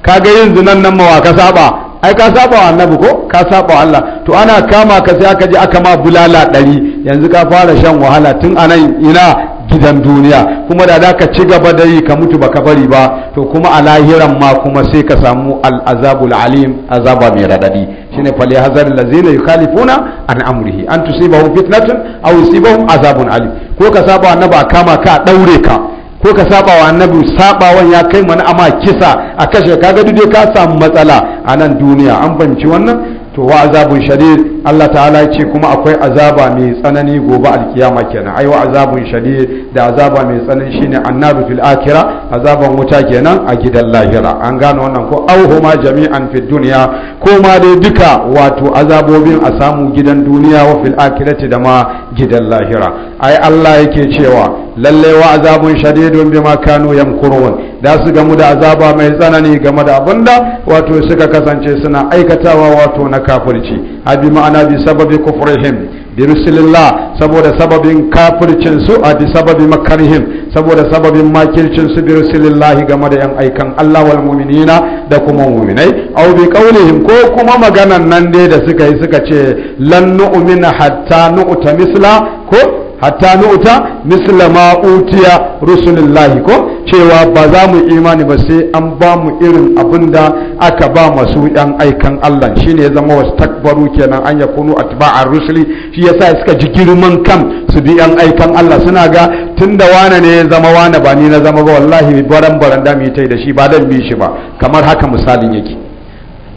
kaga yin zinan nan mawa ka saba ai ka saba wa annabi ko ka saba wa Allah to ana kama ka sai aka ji aka ma bulala ɗari yanzu ka fara shan wahala tun anan ina gidan duniya kuma da za ka ci gaba da yi ka mutu baka bari ba to kuma a lahiran ma kuma sai ka samu al'azabul alim azaba mai radadi shine fal yahzar allazina yukhalifuna an amrihi an tusibahum fitnatun aw yusibahum azabun alim ko ka saba annabi a kama ka a daure ka ko ka saba wa annabi sabawan ya kai mana amma kisa a kashe kaga duk ka samu matsala a nan duniya an banci wannan to wa azabun shadid Allah ta'ala ya ce kuma akwai azaba mai tsanani gobe alkiyama kenan ai wa azabun shadid da azaba mai tsanani shine annabi fil akhira azaban wuta kenan a gidan lahira an gano wannan ko auhuma jami'an fid dunya ko ma dai duka wato azabobin a samu gidan duniya wa fil akhirati da ma gidan lahira ai Allah yake cewa lalle wa azabun shadidun bima kanu yamkurun da su gamu da azaba mai tsanani game da abinda wato suka kasance suna aikatawa wato na kafirci abi ma'ana bi sababi kufrihim bi rusulillah saboda sababin kafircin su a bi sababi makarihim saboda sababin makircin su bi rusulillah game da yan aikan Allah wal mu'minina da kuma mu'minai aw bi qaulihim ko kuma maganan nan dai da suka yi suka ce lan nu'mina hatta nu'ta misla ko hatta nu'ta misla ma utiya rusulullahi ko cewa ba za mu imani ba sai an ba mu irin abin da aka ba masu yan aikan Allah shine ya zama wasu takbaru kenan an ya kunu atba'ar rusuli shi yasa suka ji girman kan su bi yan aikan Allah suna ga tunda wane ne ya zama wane ba ni na zama ba wallahi baran baran da mu tai da shi ba dan bi shi ba kamar haka misalin yake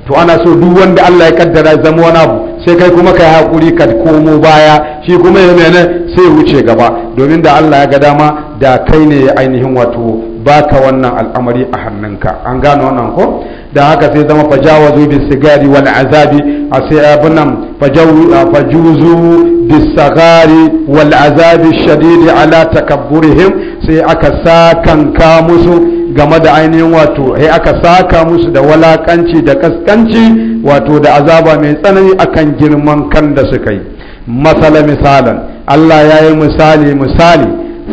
to ana so duk wanda Allah ya kaddara zama wani abu sai kai kuma ka yi hakuri ka komo baya shi kuma ya mene sai wuce gaba domin da Allah ya ga dama da kai ne ya ainihin wato baka wannan al'amari a hannunka an gano wannan ko da haka sai zama fajawazu bis sigari wal azabi a sai abin nan fajuzu bis sigari wal azabi shadidi ala takabburihim sai aka sakanka musu game da ainihin wato sai aka saka musu da walakanci da kaskanci wato da azaba mai tsanani akan girman kan da suka yi masala misalan Allah ya yi misali misali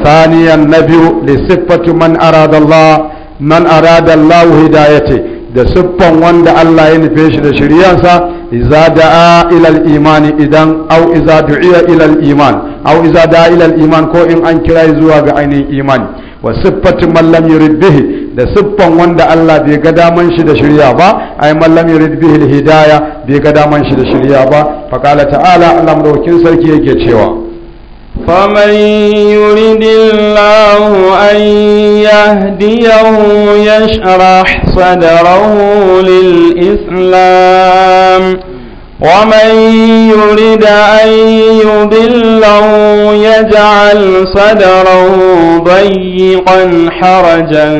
saniyan na biyu da siffatu man aradallah man aradallahu hidayati da siffan wanda Allah ya nufe shi da shiryansa iza da'a ilal imani idan au iza du'iya ilal iman au iza da'a ilal iman ko in an kira zuwa ga ainihin imani wa mallam man yurid bihi da siffan wanda Allah bai ga daman shi da shirya ba ai mallam lam yurid bihi alhidaya bai ga daman shi da shirya ba fa qala ta'ala Allah madaukin sarki yake cewa فمن يرد الله أن يهديه يشرح صدره للإسلام ومن يرد أن يضله يجعل صدره ضيقا حرجا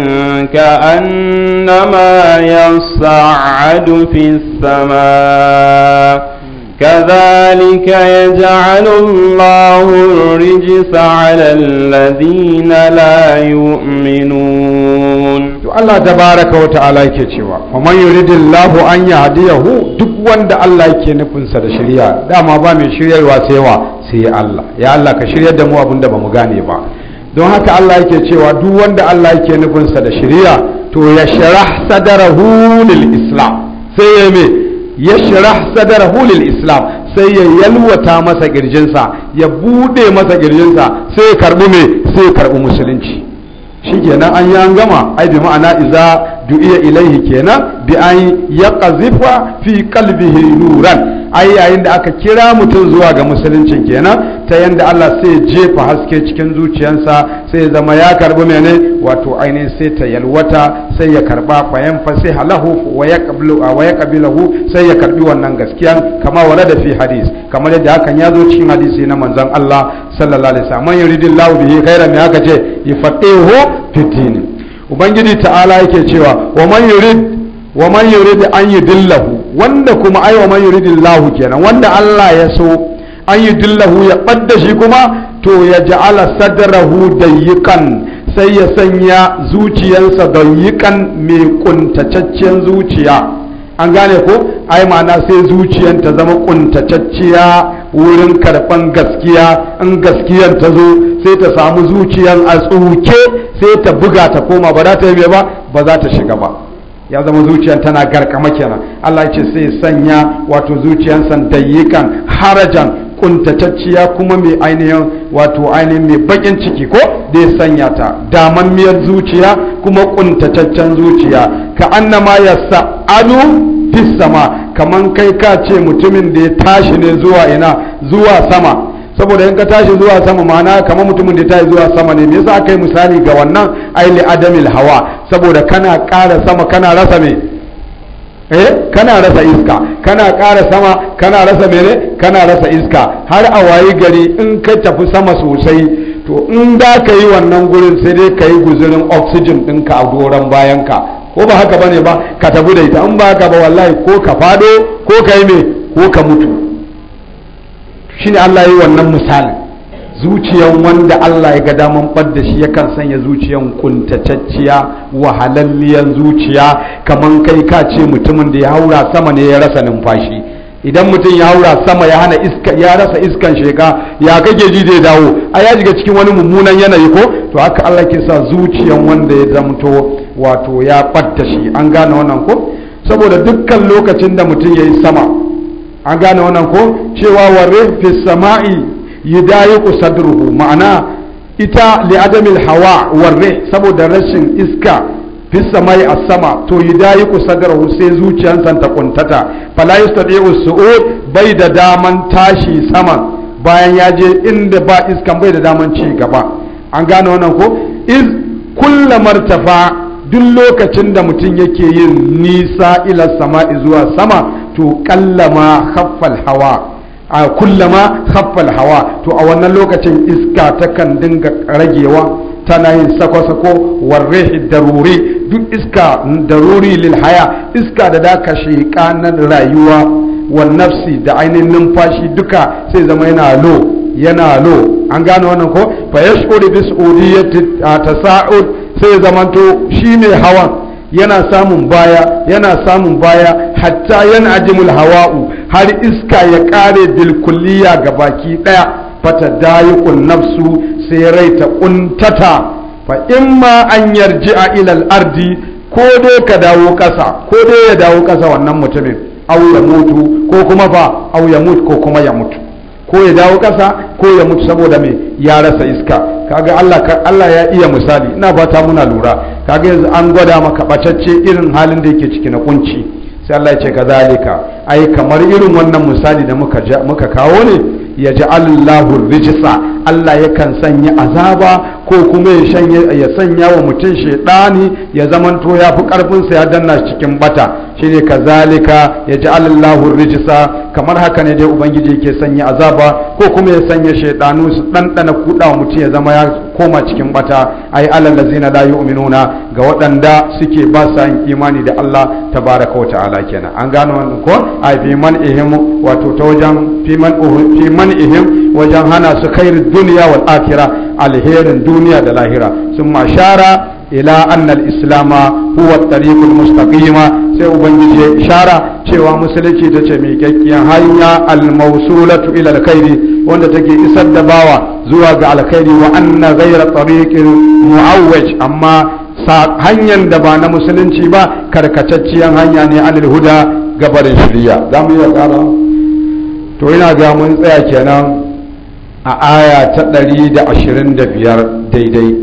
كأنما يصعد في السماء كذلك يجعل الله الرجس على الذين لا يؤمنون الله تبارك وتعالى كتشوا ومن يريد الله أن يهديه duk wanda Allah yake nufinsa da shirya dama ba mai shiryarwa sai wa sai Allah ya Allah ka shiryar da mu abin da bamu gane ba don haka Allah yake cewa duk wanda Allah yake nufinsa da shirya to ya sharah sadarahu lil islam sai ya mai ya yashrah sadrahu lil islam sai ya yalwata masa girjinsa ya bude masa girjinsa sai ya karbi mai sai ya karbi musulunci shikenan an yi an gama ai bi ma'ana iza du'iya ilaihi kenan bi an yaqzifa fi qalbihi nuran ai yayin da aka kira mutum zuwa ga musuluncin kenan ta yanda Allah sai ya jefa haske cikin zuciyarsa sai ya zama ya karbi mene wato ainihin sai ta yalwata sai ya karba fayan fa sai halahu wa yaqbilu wa yaqbilahu sai ya karbi wannan gaskiya kama wala da fi hadis kamar yadda hakan ya zo cikin hadisi na manzon Allah sallallahu alaihi wasallam man yuridillahu bihi khairan ya kace ce fitini ubangiji ta'ala yake cewa wa man yurid wa man yurid an yudillahu wanda kuma aiwa man lahu kenan wanda Allah ya so an yi dillahu ya ɓadda shi kuma to ya ja'ala sadarahu dayyikan sai ya sanya zuciyarsa dayyikan mai kuntataccen zuciya an gane ko ai ma'ana sai zuciyar ta zama kuntatacciya wurin karɓan gaskiya in gaskiyar ta zo sai ta samu zuciyar a tsuke sai ta buga ta koma ba za ta yi ba ba za ta shiga ba ya zama zuciyar tana garkama kenan Allah ya ce sai sanya wato zuciyar san dayyikan harajan kuntatacciya kuma mai ainihin wato ainihin mai bakin ciki ko da ya sanya ta damammiyar zuciya kuma kuntataccen zuciya ka annama ya sa'alu fis sama kaman kai ka ce mutumin da ya tashi ne zuwa ina zuwa sama saboda in ka tashi zuwa sama ma'ana kamar mutumin da ta yi zuwa sama ne me yasa aka yi misali ga wannan aili adamil hawa saboda kana ƙara sama kana rasa me eh kana rasa iska kana ƙara sama kana rasa mene kana rasa iska har a wayi gari in ka tafi sama sosai to in da ka yi wannan gurin sai dai ka yi guzurin oxygen ɗinka a bayan ka ko ba haka bane ba ka tafi da ita in ba haka ba wallahi ko ka faɗo ko ka yi me ko ka mutu shine Allah ya yi wannan misali zuciyan wanda Allah ya ga daman ɓadda shi yakan sanya zuciyan kuntatacciya wahalalliyan zuciya kamar kai ka ce mutumin da ya haura sama ne ya rasa numfashi idan mutum ya haura sama ya hana iska ya rasa iskan sheka ya kake ji zai dawo a ya shiga cikin wani mummunan yanayi ko to haka Allah ke sa zuciyan wanda ya zamto wato ya ɓadda shi an gane wannan ko saboda dukkan lokacin da mutum ya yi sama an gane wannan ko cewa warre fi sama'i ku sadruhu ma'ana ita li adamil hawa warre saboda rashin iska fi sama'i a sama to ku sadruhu sai zuciyarsa ta kuntata fala yastati'u su'ud bai da daman tashi sama bayan ya je inda ba iskan bai da daman ci gaba an gane wannan ko iz tafa duk lokacin da mutum yake yin nisa ila sama zuwa sama to kallama haffal hawa a kullama haffal hawa to a wannan lokacin iska takan dinga ragewa tana yin sako-sako warrehi daruri duk iska daruri lil iska da daka sheka na rayuwa wa nafsi da ainihin numfashi duka sai zama yana lo yana lo an gane wannan ko fa yashkuru tasa'ud sai ya zamanto shi mai hawan yana samun baya yana samun baya hatta yana ajimul hawa'u har iska ya kare bilkulliya ga baki daya fata dayiqun nafsu sai rai ta kuntata fa in ma an yarji'a ila al-ardi ko dai ka dawo kasa ko dai ya dawo kasa wannan mutumin aw ya mutu ko kuma fa aw ya mutu ko kuma ya mutu ko ya dawo kasa ko ya mutu saboda me ya rasa iska kaga Allah Allah ya iya misali ina ba ta muna lura kaga yanzu an gwada maka bacacce irin halin da yake ciki na kunci sai Allah ya ce kazalika ai kamar irin wannan misali da muka muka kawo ne ya ja'alullahu rijsa Allah yakan sanya azaba ko kuma ya sanya wa mutum shaidani ya zamanto ya fi karfinsa ya danna cikin bata shine kazalika ya ji alallahu rijisa kamar haka ne dai ubangiji ke sanya azaba ko kuma ya sanya shaidanu su ɗanɗana kuɗa wa mutum ya zama ya koma cikin bata zina da yi yu'minuna ga waɗanda suke ba sa yin imani da Allah tabaraka wa ta'ala kenan an gano wannan ko a fi man ihim wato ta wajen fi man ihim wajen hana su khairu duniya wal akhirah alherin duniya da lahira sun shara ila annal islama huwa tariqul mustaqima sai ubangiji ya shara cewa musulunci ta ce miƙaƙƙiyar hanya al-mawsulatu ila alkhairi wanda take isar da bawa zuwa ga alkhairi wa anna ghayra tariqin mu'awwaj amma hanyar da ba na musulunci ba karkatacciyar hanya ne anil huda gabarin shari'a za mu iya kara. to ina ga mun tsaya kenan a aya ta biyar daidai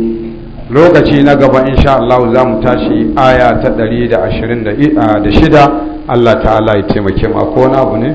lokaci na gaba insha Allah za mu tashi aya ta 126 Allah ta'ala ya taimake mu ko wani abu ne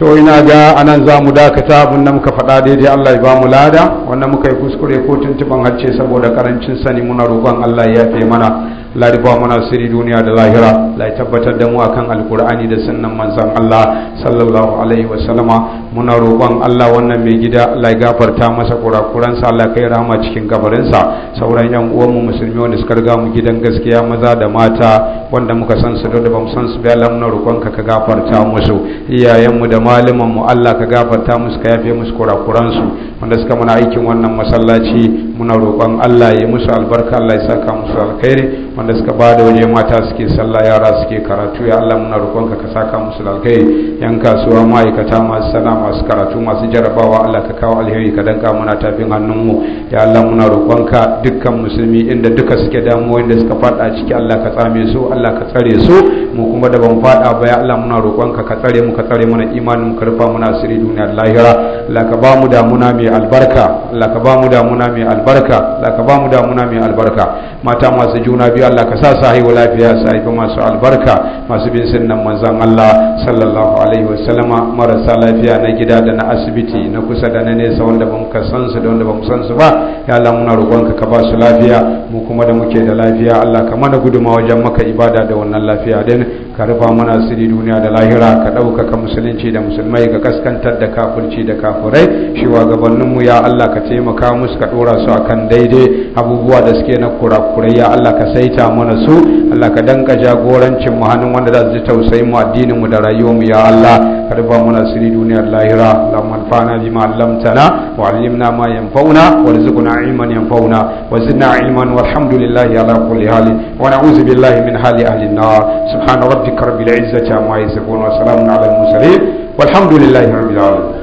to ina ga anan za mu dakata abin da muka faɗa daidai Allah ya ba mu lada wannan muka yi kuskure ko tuntuban harce saboda karancin sani muna roƙon Allah ya yafe mana lariba muna siri duniya da lahira la tabbatar da mu akan alkur'ani da sunnan manzon Allah sallallahu alaihi wa sallama muna roƙon Allah wannan mai gida la gafarta masa kurakuran sa Allah kai rahama cikin kabarin sa sauran yan uwan mu musulmi wanda suka riga mu gidan gaskiya maza da mata wanda muka san su da bamu san su ba Allah muna roƙon ka ka gafarta musu iyayen mu da malaman mu Allah ka gafarta musu ka yafe musu kurakuran su wanda suka muna aikin wannan masallaci muna roƙon Allah ya musu albarka Allah ya saka musu alkhairi wanda suka ba da waje mata suke sallah yara suke karatu ya Allah muna roƙonka ka saka musu lalkai yan kasuwa ma'aikata masu sana masu karatu masu jarabawa Allah ka kawo alheri ka danka muna tafin hannunmu ya Allah muna roƙonka dukkan musulmi inda duka suke damuwa inda suka faɗa ciki Allah ka tsame su Allah ka tsare su mu kuma da ban faɗa ba ya Allah muna roƙonka ka tsare mu ka tsare mana imanin mu karfa muna sirri duniya lahira Allah ka ba mu damuna mai albarka Allah ka ba mu damuna mai albarka Allah ka ba mu damuna mai albarka mata masu juna biyu biyu Allah ka sa sahibu lafiya sahibu masu albarka masu bin sunnan manzon Allah sallallahu alaihi sallama marasa lafiya na gida da na asibiti na kusa da na nesa wanda ba ka san su da wanda ba mu san su ba ya Allah muna roƙonka ka ba su lafiya mu kuma da muke da lafiya Allah ka mana guduma wajen maka ibada da wannan lafiya din ka rufa mana siri duniya da lahira ka ɗaukaka musulunci da musulmai ka kaskantar da kafirci da kafirai gabaninmu ya Allah ka taimaka musu ka dora su akan daidai abubuwa da suke na kurakurai ya Allah ka sai daidaita mana su Allah ka danka jagorancin mu hannun wanda za su ji tausayin mu addinin mu da rayuwar mu ya Allah ka rufa mana sirri duniyar lahira Allahumma anfa'na bima 'allamtana wa 'allimna ma yanfa'una warzuqna 'ilman yanfa'una wa zidna 'ilman walhamdulillahi ala kulli hal wa na'udzu billahi min hali ahli an-nar subhana rabbika rabbil 'izzati amma yasifun wa salamun 'alal mursalin والحمد لله رب العالمين